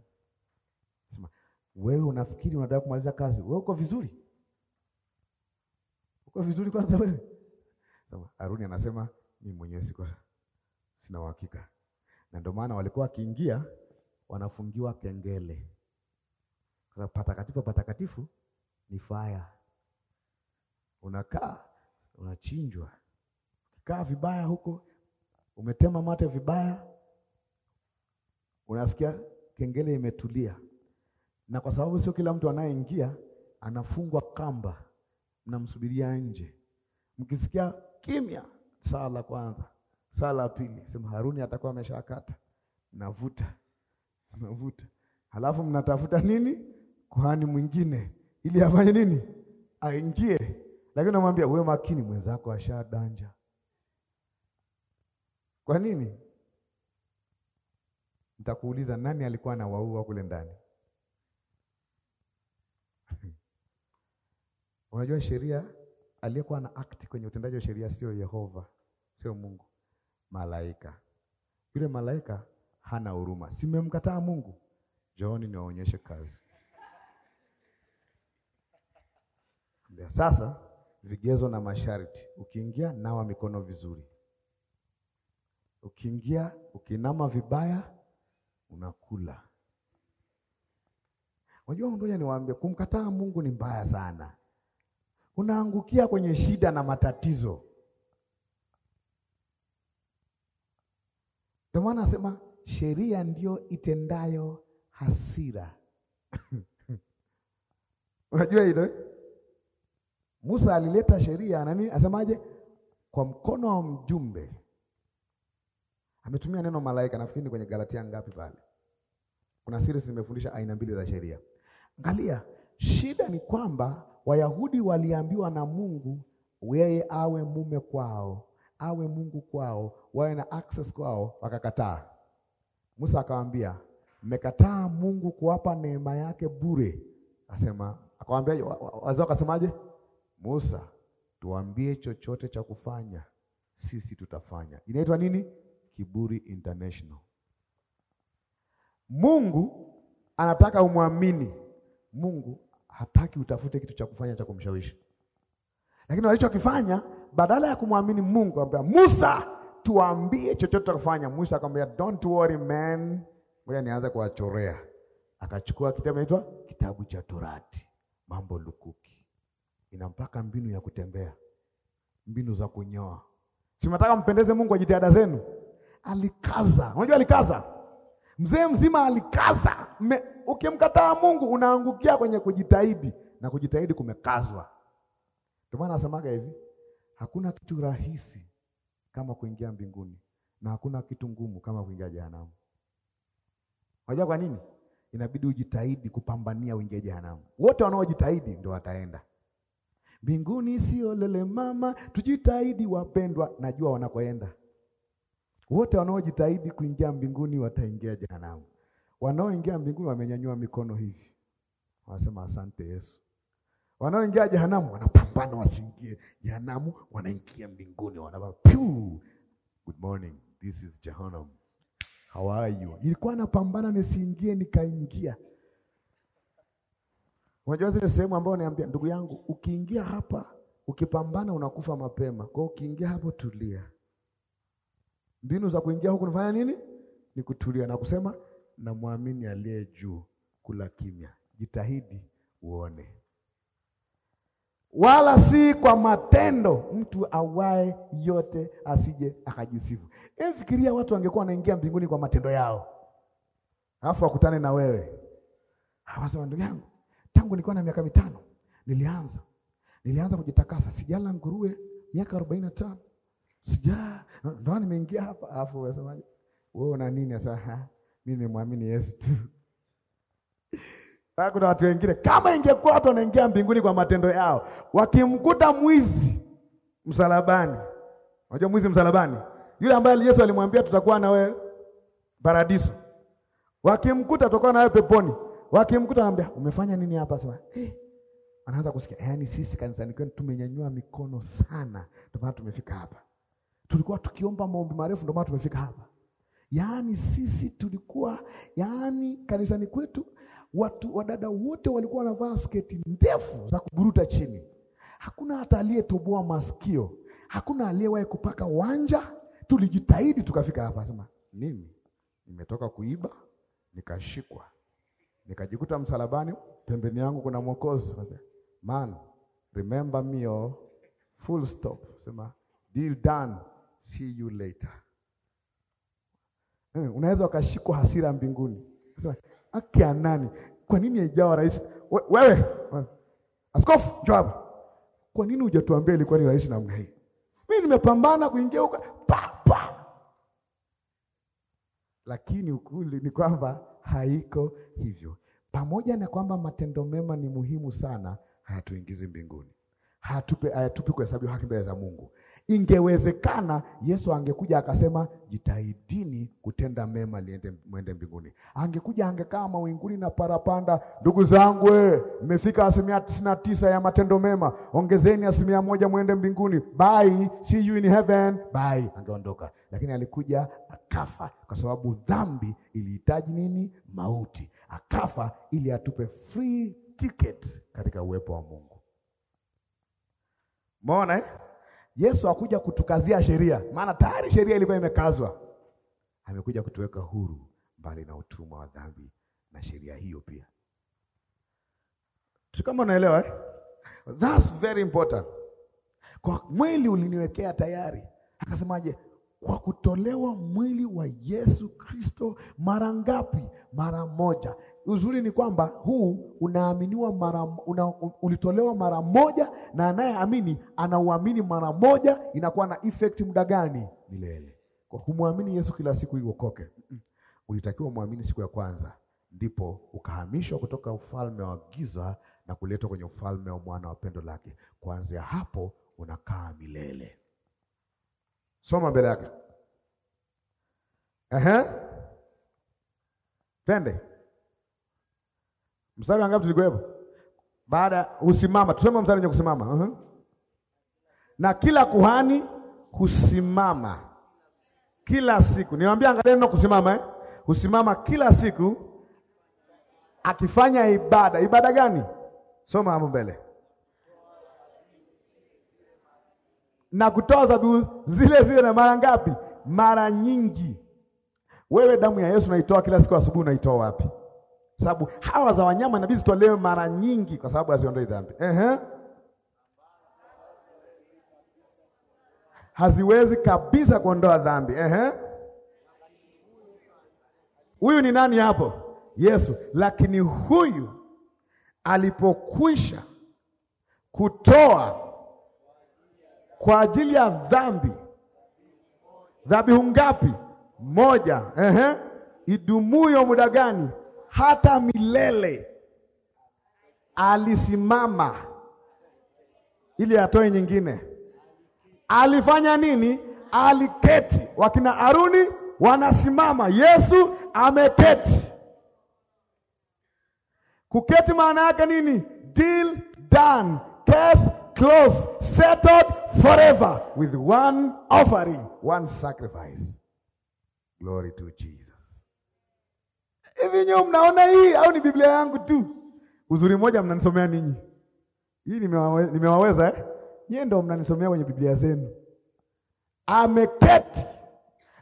Wewe unafikiri unataka kumaliza kazi, wewe uko vizuri, uko vizuri kwanza wewe. Sawa, Haruni anasema mimi mwenyewe siko sina uhakika, na ndio maana walikuwa wakiingia wanafungiwa kengele, Sasa patakatifu patakatifu ni faya. Unakaa unachinjwa, ukikaa vibaya huko, umetema mate vibaya, unasikia kengele imetulia na kwa sababu sio kila mtu anayeingia anafungwa kamba, mnamsubiria nje. Mkisikia kimya, saa la kwanza, saa la pili, sema Haruni atakuwa ameshakata, navuta navuta, halafu mnatafuta nini? Kuhani mwingine ili afanye nini? Aingie. Lakini namwambia wewe, makini, mwenzako ashadanja. Kwa nini? Nitakuuliza, nani alikuwa anawaua kule ndani? Unajua sheria, aliyekuwa na act kwenye utendaji wa sheria sio Yehova, sio Mungu, malaika. Yule malaika hana huruma, simemkataa Mungu, jooni niwaonyeshe kazi. Sasa vigezo na masharti, ukiingia nawa mikono vizuri, ukiingia ukinama vibaya unakula. Unajua, ngoja niwaambie, kumkataa Mungu ni mbaya sana unaangukia kwenye shida na matatizo. Ndio maana anasema sheria ndio itendayo hasira. *laughs* Unajua hilo Musa alileta sheria na nini? Asemaje? Kwa mkono wa mjumbe. Ametumia neno malaika, nafikiri kwenye Galatia ngapi pale. Kuna siri zimefundisha aina mbili za sheria. Angalia, shida ni kwamba Wayahudi waliambiwa na Mungu yeye awe mume kwao, awe Mungu kwao, wawe na access kwao, wakakataa. Musa akawaambia, mmekataa Mungu kuwapa neema yake bure. Asema akawaambia, wazee wakasemaje? Musa, tuambie chochote cha kufanya, sisi tutafanya. Inaitwa nini? Kiburi International. Mungu anataka umwamini Mungu hataki utafute kitu cha kufanya cha kumshawishi. Lakini walichokifanya badala ya kumwamini Mungu, akamwambia Musa, tuambie chochote tutakufanya. Musa akamwambia don't worry man, ngoja nianze kuwachorea. Akachukua kitabu inaitwa kitabu cha Torati, mambo lukuki, ina mpaka mbinu ya kutembea, mbinu za kunyoa. Si mnataka mpendeze Mungu kwa jitihada zenu? Alikaza, unajua alikaza, mzee mzima alikaza Me ukimkataa Mungu unaangukia kwenye kujitahidi na kujitahidi kumekazwa. Ndio maana nasemaga hivi, hakuna kitu rahisi kama kuingia mbinguni na hakuna kitu ngumu kama kuingia jehanamu. Unajua kwa nini? Inabidi ujitahidi kupambania uingie jehanamu. Wote wanaojitahidi ndio wataenda mbinguni. Sio lele mama, tujitahidi wapendwa, najua wanakoenda. Wote wanaojitahidi kuingia mbinguni wataingia jehanamu. Wanaoingia mbinguni wamenyanyua mikono hivi, wanasema asante Yesu. Wanaoingia jehanamu wanapambana wasiingie jehanamu, wanaingia mbinguni, wanapapyu good morning this is jehanam, how are you? Ilikuwa napambana nisiingie, nikaingia. Unajua zile sehemu ambayo niambia ndugu yangu, ukiingia hapa ukipambana unakufa mapema. Kwa hiyo ukiingia hapo tulia. Mbinu za kuingia huku nifanya nini? Ni kutulia na kusema na mwamini aliye juu kula kimya. Jitahidi uone, wala si kwa matendo, mtu awaye yote asije akajisifu. Fikiria watu wangekuwa wanaingia mbinguni kwa matendo yao, alafu wakutane na wewe, hawasema ndugu yangu, tangu nilikuwa na miaka mitano nilianza nilianza kujitakasa, sijala nguruwe miaka arobaini na tano sija ndio nimeingia hapa. Alafu unasemaje wewe, una nini sasa? Mimi nimemwamini Yesu tu. Kuna watu wengine kama ingekuwa watu wanaingia mbinguni kwa matendo yao, wakimkuta mwizi msalabani. Unajua mwizi msalabani? Yule ambaye Yesu alimwambia tutakuwa na wewe paradiso. Wakimkuta tutakuwa na wewe peponi. Wakimkuta anamwambia umefanya nini hapa sasa? Eh. Anaanza kusikia, yaani sisi kanisani kwetu tumenyanyua mikono sana, ndio maana tumefika hapa. Tulikuwa tukiomba maombi marefu, ndio maana tumefika hapa. Yaani sisi tulikuwa, yaani kanisani kwetu watu wadada wote walikuwa wanavaa sketi ndefu za kuburuta chini. Hakuna hata aliyetoboa masikio, hakuna aliyewahi kupaka wanja. Tulijitahidi tukafika hapa. Sema mimi nimetoka kuiba, nikashikwa, nikajikuta msalabani, pembeni yangu kuna Mwokozi. Man, remember me, oh, full stop. Sema deal done, see you later. Eh, unaweza ukashikwa hasira mbinguni, haki ya nani? Kwa nini haijawa rahisi? Wewe askofu, njoo hapa. Kwa nini hujatuambia ilikuwa ni rahisi namna hii? Mimi nimepambana kuingia huko pa pa, lakini ukweli ni kwamba haiko hivyo. Pamoja na kwamba matendo mema ni muhimu sana, hayatuingizi mbinguni, hayatupi kuhesabiwa haki mbele za Mungu. Ingewezekana Yesu angekuja akasema jitahidini kutenda mema liende mwende mbinguni. Angekuja angekaa mawinguni na parapanda, ndugu zangu, eh, mmefika asilimia tisini na tisa ya matendo mema, ongezeni asilimia moja mwende mbinguni, bye, see you in heaven, bye. Angeondoka, lakini alikuja akafa, kwa sababu dhambi ilihitaji nini? Mauti. Akafa ili atupe free ticket katika uwepo wa Mungu. Umeona eh? Yesu hakuja kutukazia sheria, maana tayari sheria ilikuwa imekazwa. Amekuja kutuweka huru mbali na utumwa wa dhambi na sheria hiyo pia. Kama unaelewa eh? That's very important. Kwa mwili uliniwekea tayari, akasemaje? Kwa kutolewa mwili wa Yesu Kristo mara ngapi? Mara moja. Uzuri ni kwamba huu unaaminiwa mara, una, ulitolewa mara moja, na anayeamini anauamini mara moja. Inakuwa na effect muda gani? Milele. Kwa kumwamini Yesu kila siku uokoke, ulitakiwa muamini siku ya kwanza, ndipo ukahamishwa kutoka ufalme wa giza na kuletwa kwenye ufalme wa mwana wa pendo lake. Kuanzia hapo unakaa milele. Soma mbele yake, ehe, twende Mstari wa ngapi tulikuwepo? Baada husimama, tuseme mstari wenye kusimama. uh -huh. Na kila kuhani husimama kila siku, niwaambia, angalia neno kusimama, eh? Husimama kila siku akifanya ibada. Ibada gani? Soma hapo mbele na kutoa dhabihu zile zile. Na mara ngapi? Mara nyingi. Wewe damu ya Yesu naitoa kila siku asubuhi, naitoa wapi? sababu hawa za wanyama inabidi zitolewe mara nyingi, kwa sababu haziondoe dhambi. Ehe, haziwezi kabisa kuondoa dhambi. Ehe, huyu ni nani hapo? Yesu. Lakini huyu alipokwisha kutoa kwa ajili ya dhambi dhabihu ngapi? Moja. Ehe, idumuyo muda gani? hata milele. Alisimama ili atoe nyingine. Alifanya nini? Aliketi. Wakina Aruni wanasimama, Yesu ameketi. Kuketi maana yake nini? Deal done, case closed, settled forever with one offering, one sacrifice. Glory to Jesus. Hivi nyewe mnaona hii au ni Biblia yangu tu? Uzuri mmoja mnanisomea ninyi. Hii nimewaweza, nimewaweza eh? Nyie ndio mnanisomea kwenye Biblia zenu. Ameketi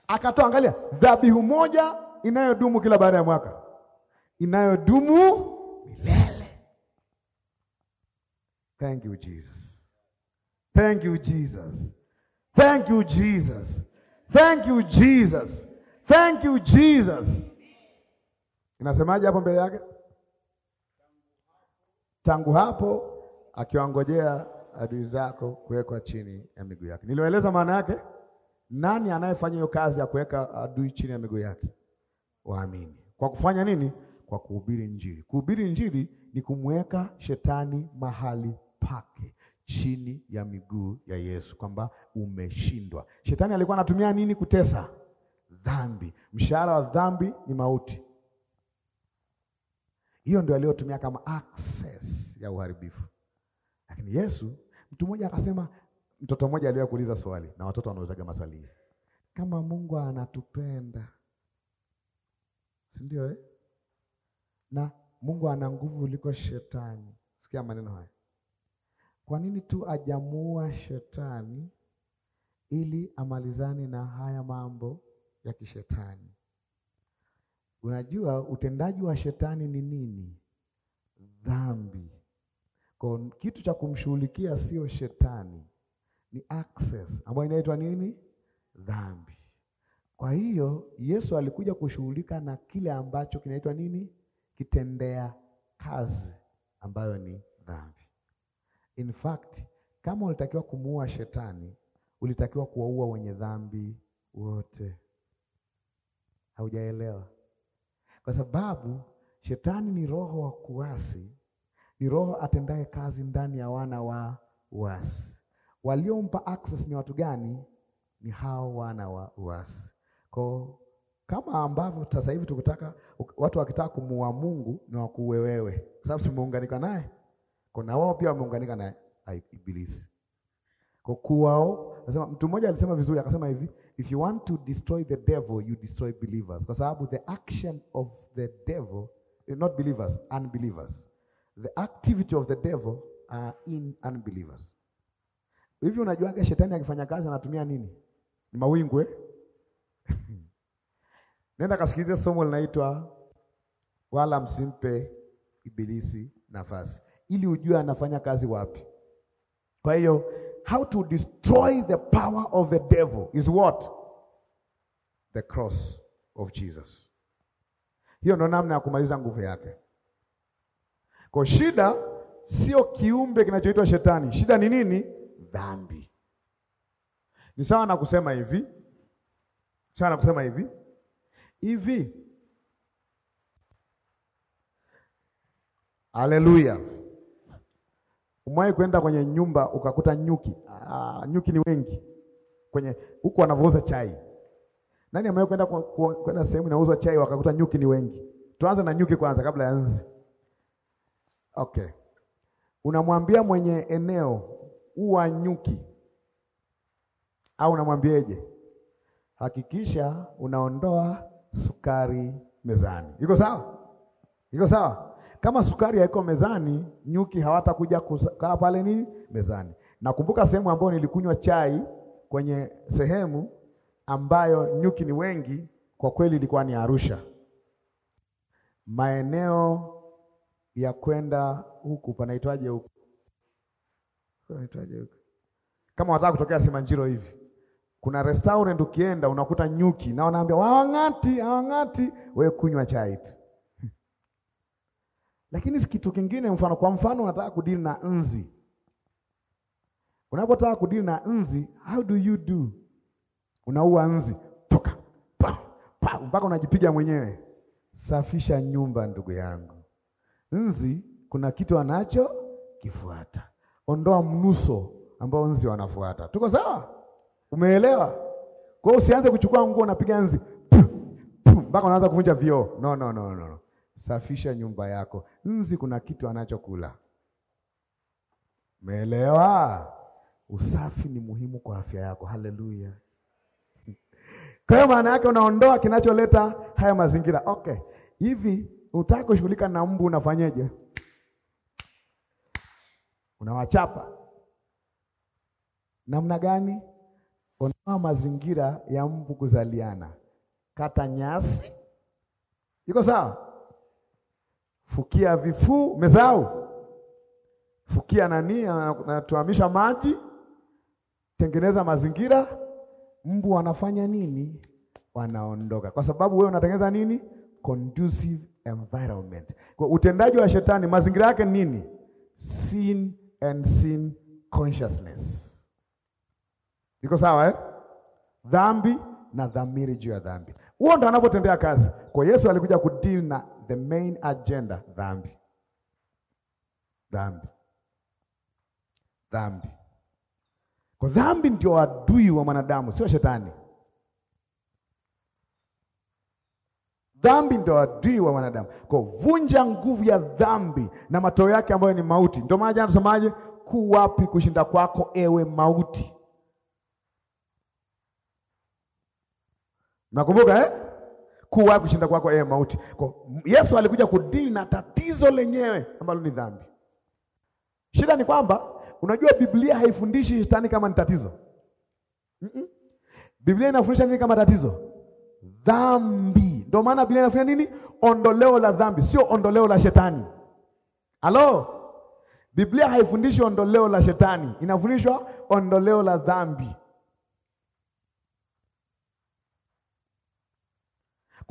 akatoa, angalia, dhabihu moja inayodumu kila baada ya mwaka, inayodumu milele. Thank you Jesus, thank you Jesus, thank you Jesus, thank you Jesus, thank you Jesus. Inasemaje hapo mbele yake? Tangu hapo akiwangojea adui zako kuwekwa chini ya miguu yake. Nilioeleza maana yake, nani anayefanya hiyo kazi ya kuweka adui chini ya miguu yake? Waamini. Kwa kufanya nini? Kwa kuhubiri Injili. Kuhubiri Injili ni kumweka shetani mahali pake, chini ya miguu ya Yesu, kwamba umeshindwa. Shetani alikuwa anatumia nini kutesa? Dhambi. Mshahara wa dhambi ni mauti. Hiyo ndio aliyotumia kama access ya uharibifu. Lakini Yesu, mtu mmoja akasema, mtoto mmoja aliwahi kuuliza swali, na watoto wanaulizaga maswali, kama Mungu anatupenda, si ndio eh? na Mungu ana nguvu kuliko shetani. Sikia maneno haya, kwa nini tu ajamuua shetani ili amalizane na haya mambo ya kishetani? Unajua utendaji wa shetani ni nini? Dhambi. Kwa kitu cha kumshughulikia sio shetani, ni access ambayo inaitwa nini? Dhambi. Kwa hiyo Yesu alikuja kushughulika na kile ambacho kinaitwa nini? Kitendea kazi ambayo ni dhambi. In fact, kama ulitakiwa kumuua shetani, ulitakiwa kuwaua wenye dhambi wote. Haujaelewa? kwa sababu shetani ni roho wa kuasi, ni roho atendaye kazi ndani ya wana wa uasi. Waliompa access ni watu gani? Ni hao wana wa uasi. Kwa kama ambavyo sasa hivi tukutaka watu wakitaka kumuua Mungu ni wakuue wewe, kwa sababu tumeunganika naye, kuna wao pia wameunganika naye ibilisi. Kwa kuwao, nasema mtu mmoja alisema vizuri, akasema hivi If you want to destroy the devil, you destroy believers, kwa sababu the action of the devil eh, not believers, unbelievers. The activity of the devil are in unbelievers. Hivi unajuaga shetani akifanya kazi anatumia nini? Ni mawingu eh? *laughs* Nenda kasikilize somo linaitwa wala msimpe ibilisi nafasi, ili ujue anafanya kazi wapi. Kwa hiyo how to destroy the power of the devil is what? The cross of Jesus. Hiyo ndo namna ya kumaliza nguvu yake. Kwa shida sio kiumbe kinachoitwa shetani. Shida ni nini? Dhambi. Ni sawa na kusema hivi, sawa na kusema hivi hivi, haleluya. Umewahi kwenda kwenye nyumba ukakuta nyuki? Aa, ah, ah, nyuki ni wengi kwenye huko wanavouza chai. Nani amewahi kwenda kwenda sehemu inauzwa chai wakakuta nyuki ni wengi? Tuanze na nyuki kwanza kabla ya nzi. Okay. Unamwambia mwenye eneo uwa nyuki au unamwambieje? Hakikisha unaondoa sukari mezani. Iko sawa? Iko sawa? Kama sukari haiko mezani, nyuki hawatakuja kukaa pale nini mezani. Nakumbuka sehemu ambayo nilikunywa chai kwenye sehemu ambayo nyuki ni wengi, kwa kweli ilikuwa ni Arusha, maeneo ya kwenda huku panaitwaje huku panaitwaje huku, kama wataka kutokea Simanjiro hivi kuna restaurant ukienda unakuta nyuki na wanaambia wawangati hawang'ati, wewe kunywa chai tu. Lakini kitu kingine, mfano kwa mfano, unataka kudili na nzi. Unapotaka kudili na nzi, how do you do? Unaua nzi toka mpaka unajipiga mwenyewe. Safisha nyumba, ndugu yangu. Nzi kuna kitu anacho kifuata. Ondoa mnuso ambao nzi wanafuata. Tuko sawa? Umeelewa? Kwa hiyo usianze kuchukua nguo unapiga nzi mpaka unaanza kuvunja vioo. No, no, no, no safisha nyumba yako. Nzi kuna kitu anachokula. Umeelewa? Usafi ni muhimu kwa afya yako. Haleluya! *laughs* Kwa hiyo maana yake unaondoa kinacholeta haya mazingira. Okay, hivi utaka kushughulika na mbu, unafanyeje? Unawachapa namna gani? Ondoa mazingira ya mbu kuzaliana, kata nyasi. Iko sawa? fukia vifuu, mezao fukia nani, anatuhamisha maji, tengeneza mazingira, mbu wanafanya nini? Wanaondoka, kwa sababu wewe unatengeneza nini? Conducive environment. Kwa utendaji wa shetani, mazingira yake nini? Sin and sin consciousness. Iko sawa eh? Dhambi na dhamiri juu ya dhambi. Huo ndo anapotendea kazi. Kwa Yesu alikuja kudili na the main agenda, dhambi, dhambi, dhambi. Kwa dhambi ndio adui wa mwanadamu, sio shetani. Dhambi ndio adui wa mwanadamu. Kwa vunja nguvu ya dhambi na matoo yake ambayo ni mauti. Ndio maana jana tunasemaje, Kuwapi wapi kushinda kwako ewe mauti? Nakumbuka eh? Kuwa kushinda kwako kwa, eh, mauti. Kwa, Yesu alikuja kudili na tatizo lenyewe ambalo ni dhambi. Shida ni kwamba unajua Biblia haifundishi shetani kama ni tatizo. Mm -mm. Biblia inafundisha nini kama tatizo? Dhambi. Ndio maana Biblia inafundisha nini? Ondoleo la dhambi, sio ondoleo la shetani. Halo? Biblia haifundishi ondoleo la shetani, inafundishwa ondoleo la dhambi.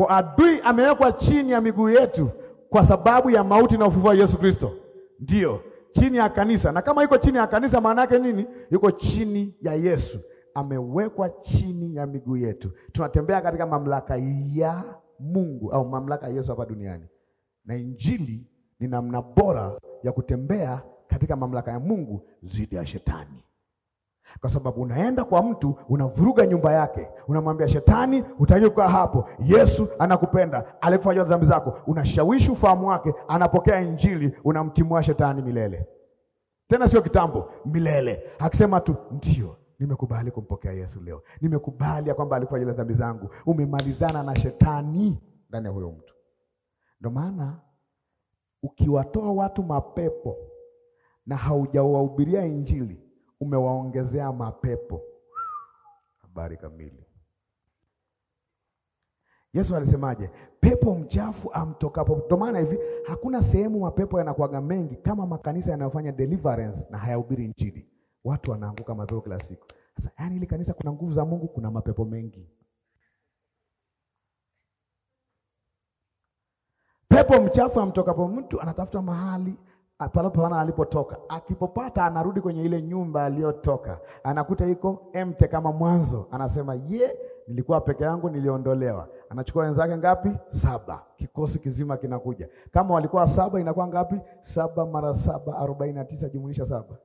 Kwa adui amewekwa chini ya miguu yetu kwa sababu ya mauti na ufufuo wa Yesu Kristo. Ndiyo, chini ya kanisa. Na kama yuko chini ya kanisa maana yake nini? Yuko chini ya Yesu. Amewekwa chini ya miguu yetu. Tunatembea katika mamlaka ya Mungu au mamlaka ya Yesu hapa duniani. Na injili ni namna bora ya kutembea katika mamlaka ya Mungu zidi ya shetani kwa sababu unaenda kwa mtu unavuruga nyumba yake, unamwambia shetani, hutaki hapo, Yesu anakupenda, alikufanyia dhambi zako. Unashawishi ufahamu wake, anapokea Injili, unamtimua shetani milele, tena sio kitambo, milele. Akisema tu ndio, nimekubali kumpokea Yesu leo, nimekubali ya kwamba alikufanyia dhambi zangu, umemalizana na shetani ndani ya huyo mtu. Ndio maana ukiwatoa watu mapepo na haujawahubiria Injili umewaongezea mapepo. Habari kamili. Yesu alisemaje? Pepo mchafu amtokapo. Ndio maana hivi hakuna sehemu mapepo yanakuaga mengi kama makanisa yanayofanya deliverance na hayahubiri Injili. Watu wanaanguka mapepo kila siku. Sasa yani, ile kanisa kuna nguvu za Mungu, kuna mapepo mengi. Pepo mchafu amtokapo, mtu anatafuta mahali Panapoona alipotoka, akipopata anarudi kwenye ile nyumba aliyotoka, anakuta iko empty kama mwanzo. Anasema ye, yeah, nilikuwa peke yangu, niliondolewa. Anachukua wenzake ngapi? Saba. Kikosi kizima kinakuja. Kama walikuwa saba, inakuwa ngapi? Saba mara saba arobaini na tisa, jumulisha saba.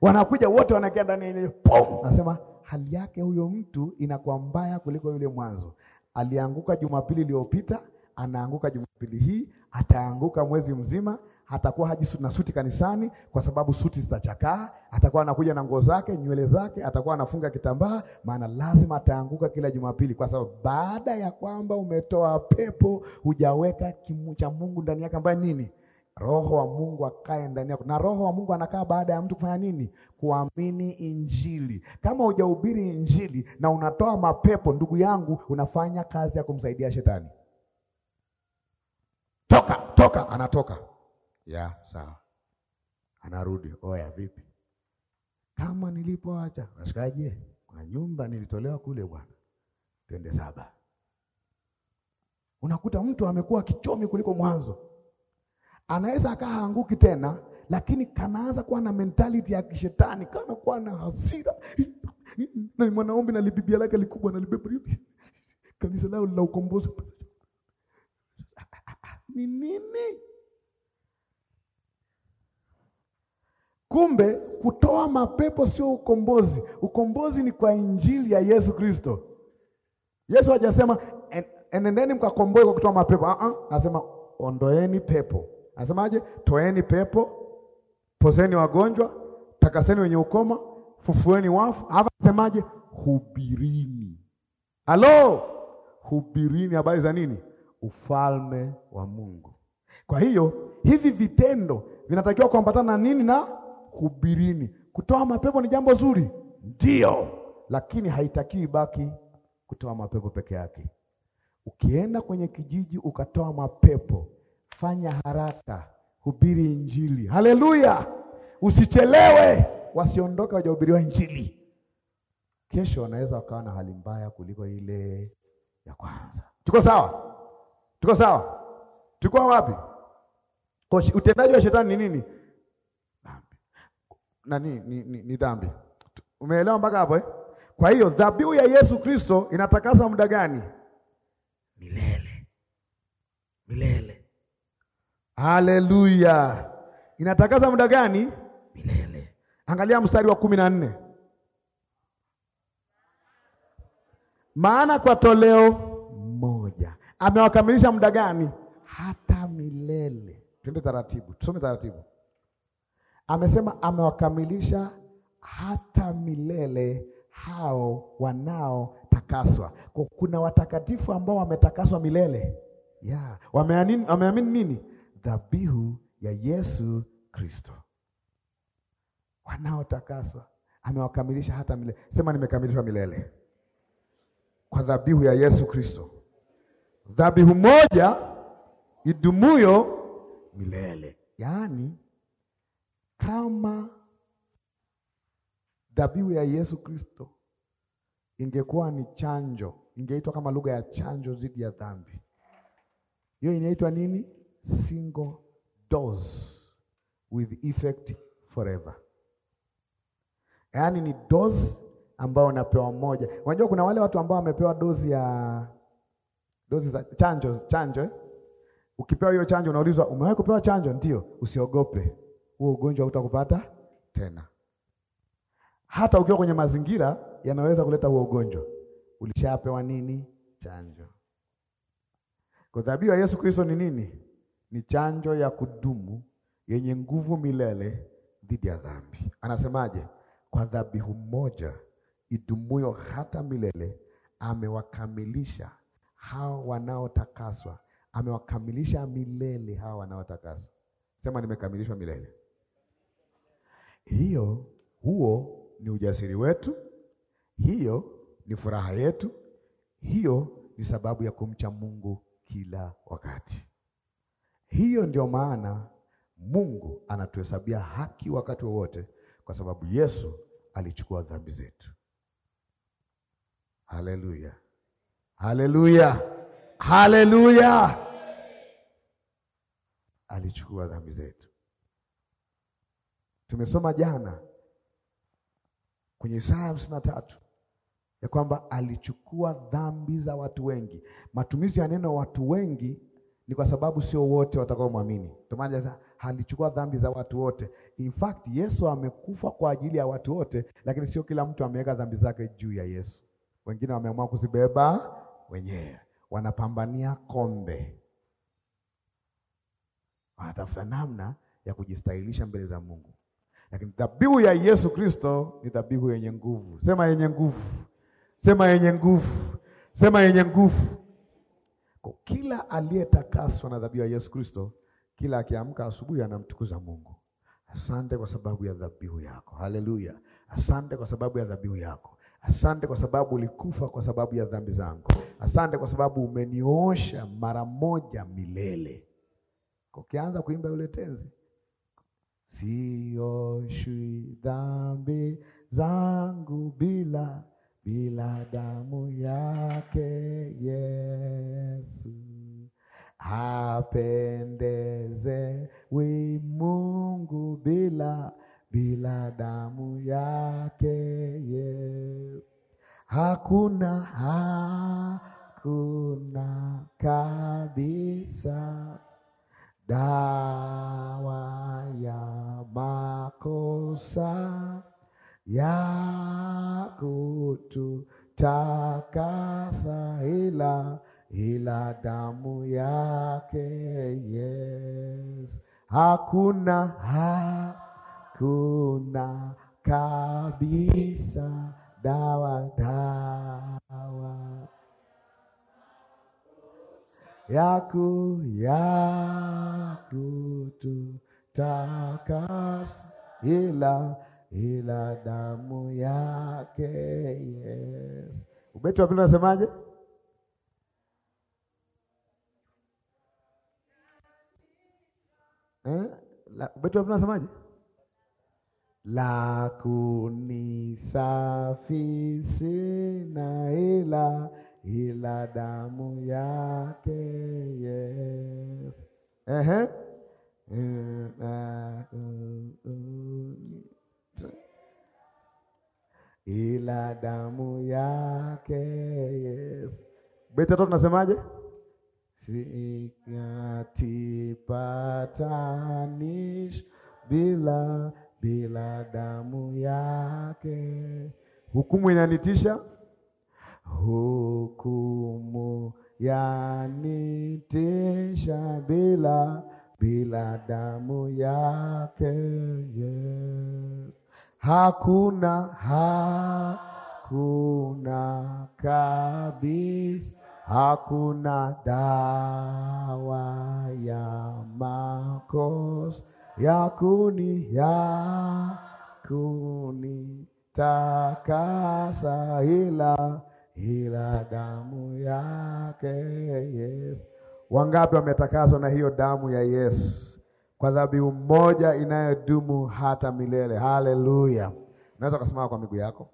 Wanakuja wote, wanakia ndani ile, pum. Anasema hali yake huyo mtu inakuwa mbaya kuliko yule mwanzo. Alianguka Jumapili iliyopita, anaanguka Jumapili hii ataanguka mwezi mzima, atakuwa haji na suti kanisani kwa sababu suti zitachakaa, atakuwa anakuja na nguo zake, nywele zake, atakuwa anafunga kitambaa, maana lazima ataanguka kila Jumapili, kwa sababu baada ya kwamba umetoa pepo, hujaweka kimu cha Mungu ndani yake, ambaye nini Roho wa Mungu akae ndani yako, na Roho wa Mungu anakaa baada ya mtu kufanya nini? Kuamini Injili. Kama hujahubiri Injili na unatoa mapepo, ndugu yangu, unafanya kazi ya kumsaidia Shetani toka, toka, anatoka ya sawa, anarudi oya, vipi kama nilipoacha washikaje? Kuna nyumba nilitolewa kule bwana, twende saba. Unakuta mtu amekuwa kichomi kuliko mwanzo, anaweza akaa anguki tena, lakini kanaanza kuwa na mentality ya kishetani, kana kuwa na hasira na mwanaombi na libibia lake likubwa na libeba kanisa lao la ukombozi ni nini? Kumbe kutoa mapepo sio ukombozi. Ukombozi ni kwa injili ya Yesu Kristo. Yesu hajasema enendeni mkakomboe kwa kutoa mapepo. Uh ah, anasema ah, ondoeni pepo. Anasemaje? Toeni pepo, pozeni wagonjwa, takaseni wenye ukoma, fufueni wafu. Hapa anasemaje? Hubirini. Halo, hubirini habari za nini? ufalme wa Mungu. Kwa hiyo hivi vitendo vinatakiwa kuambatana na nini? Na hubirini. Kutoa mapepo ni jambo zuri, ndio, lakini haitakiwi baki kutoa mapepo peke yake. Ukienda kwenye kijiji ukatoa mapepo, fanya haraka, hubiri Injili. Haleluya, usichelewe, wasiondoke wajahubiriwa Injili. Kesho wanaweza wakawa na hali mbaya kuliko ile ya kwanza. Tuko sawa? Tuko sawa? Tuko wapi? Kwa utendaji wa shetani ni nini? Dhambi. Na ni, ni, ni, ni dhambi. Umeelewa mpaka hapo eh? Kwa hiyo dhabihu ya Yesu Kristo inatakasa muda gani? Milele. Milele. Haleluya. Inatakasa muda gani? Milele. Angalia mstari wa kumi na nne. Maana kwa toleo moja amewakamilisha muda gani? Hata milele. Twende taratibu, tusome taratibu. Amesema amewakamilisha hata milele hao wanaotakaswa. Kuna watakatifu ambao wametakaswa milele yeah. Wameamini, wameamini nini? Dhabihu ya Yesu Kristo. Wanaotakaswa amewakamilisha hata milele. Sema nimekamilishwa milele kwa dhabihu ya Yesu Kristo dhabihu moja idumuyo milele, yaani kama dhabihu ya Yesu Kristo ingekuwa ni chanjo, ingeitwa kama lugha ya chanjo dhidi ya dhambi. Hiyo inaitwa nini? Single dose with effect forever, yaani ni dose ambayo unapewa moja. Unajua kuna wale watu ambao wamepewa dozi ya dozi za chanjo, chanjo. Eh? Ukipewa hiyo chanjo unaulizwa umewahi kupewa chanjo? Ndio, usiogope, huo ugonjwa utakupata tena. Hata ukiwa kwenye mazingira yanaweza kuleta huo ugonjwa, ulishapewa nini? Chanjo. Kwa dhabihu ya Yesu Kristo ni nini? Ni chanjo ya kudumu yenye nguvu milele dhidi ya dhambi. Anasemaje? Kwa dhabihu moja idumuyo hata milele amewakamilisha hao wanaotakaswa, amewakamilisha milele hao wanaotakaswa. Sema nimekamilishwa milele. Hiyo, huo ni ujasiri wetu, hiyo ni furaha yetu, hiyo ni sababu ya kumcha Mungu kila wakati. Hiyo ndio maana Mungu anatuhesabia haki wakati wowote, kwa sababu Yesu alichukua dhambi zetu. Haleluya! Haleluya, haleluya! Alichukua dhambi zetu. Tumesoma jana kwenye Isaya hamsini na tatu ya kwamba alichukua dhambi za watu wengi. Matumizi ya neno watu wengi ni kwa sababu sio wote watakaomwamini. Ndio maana alichukua dhambi za watu wote. In fact, Yesu amekufa kwa ajili ya watu wote, lakini sio kila mtu ameweka dhambi zake juu ya Yesu. Wengine wameamua kuzibeba wenyewe, wanapambania kombe, wanatafuta namna ya kujistahilisha mbele za Mungu. Lakini dhabihu ya Yesu Kristo ni dhabihu yenye nguvu. Sema yenye nguvu, sema yenye nguvu, sema yenye nguvu. Kwa kila aliyetakaswa na dhabihu ya Yesu Kristo, kila akiamka asubuhi anamtukuza Mungu. Asante kwa sababu ya dhabihu yako. Haleluya! Asante kwa sababu ya dhabihu yako. Asante kwa sababu ulikufa kwa sababu ya dhambi zangu. Asante kwa sababu umeniosha mara moja milele. Ukianza kuimba yule tenzi, sioshwi dhambi zangu bila bila damu yake Yesu, apendeze wi Mungu bila bila damu yake ye hakuna hakuna kabisa dawa ya makosa ya kututakasa ila ila damu yake Yesu hakuna hakuna hakuna kabisa dawa dawa yaku yakututakasa ila ila damu yake yes. Ubeti wa pili unasemaje? Eh? Ubeti wa pili unasemaje? la kunisafisi na ila ila damu yake Yesu. Ehe, ila damu yake yes Beti tatu tunasemaje? Sikatipatanish bila bila damu yake. Hukumu inanitisha, hukumu yanitisha, bila bila damu yake yeah. Hakuna hakuna kabisa, hakuna dawa ya makosa yakuni yakuni takasa ila ila damu yake Yesu. Wangapi wametakaswa na hiyo damu ya Yesu kwa dhabihu moja inayodumu hata milele? Haleluya! Unaweza kusimama kwa miguu yako.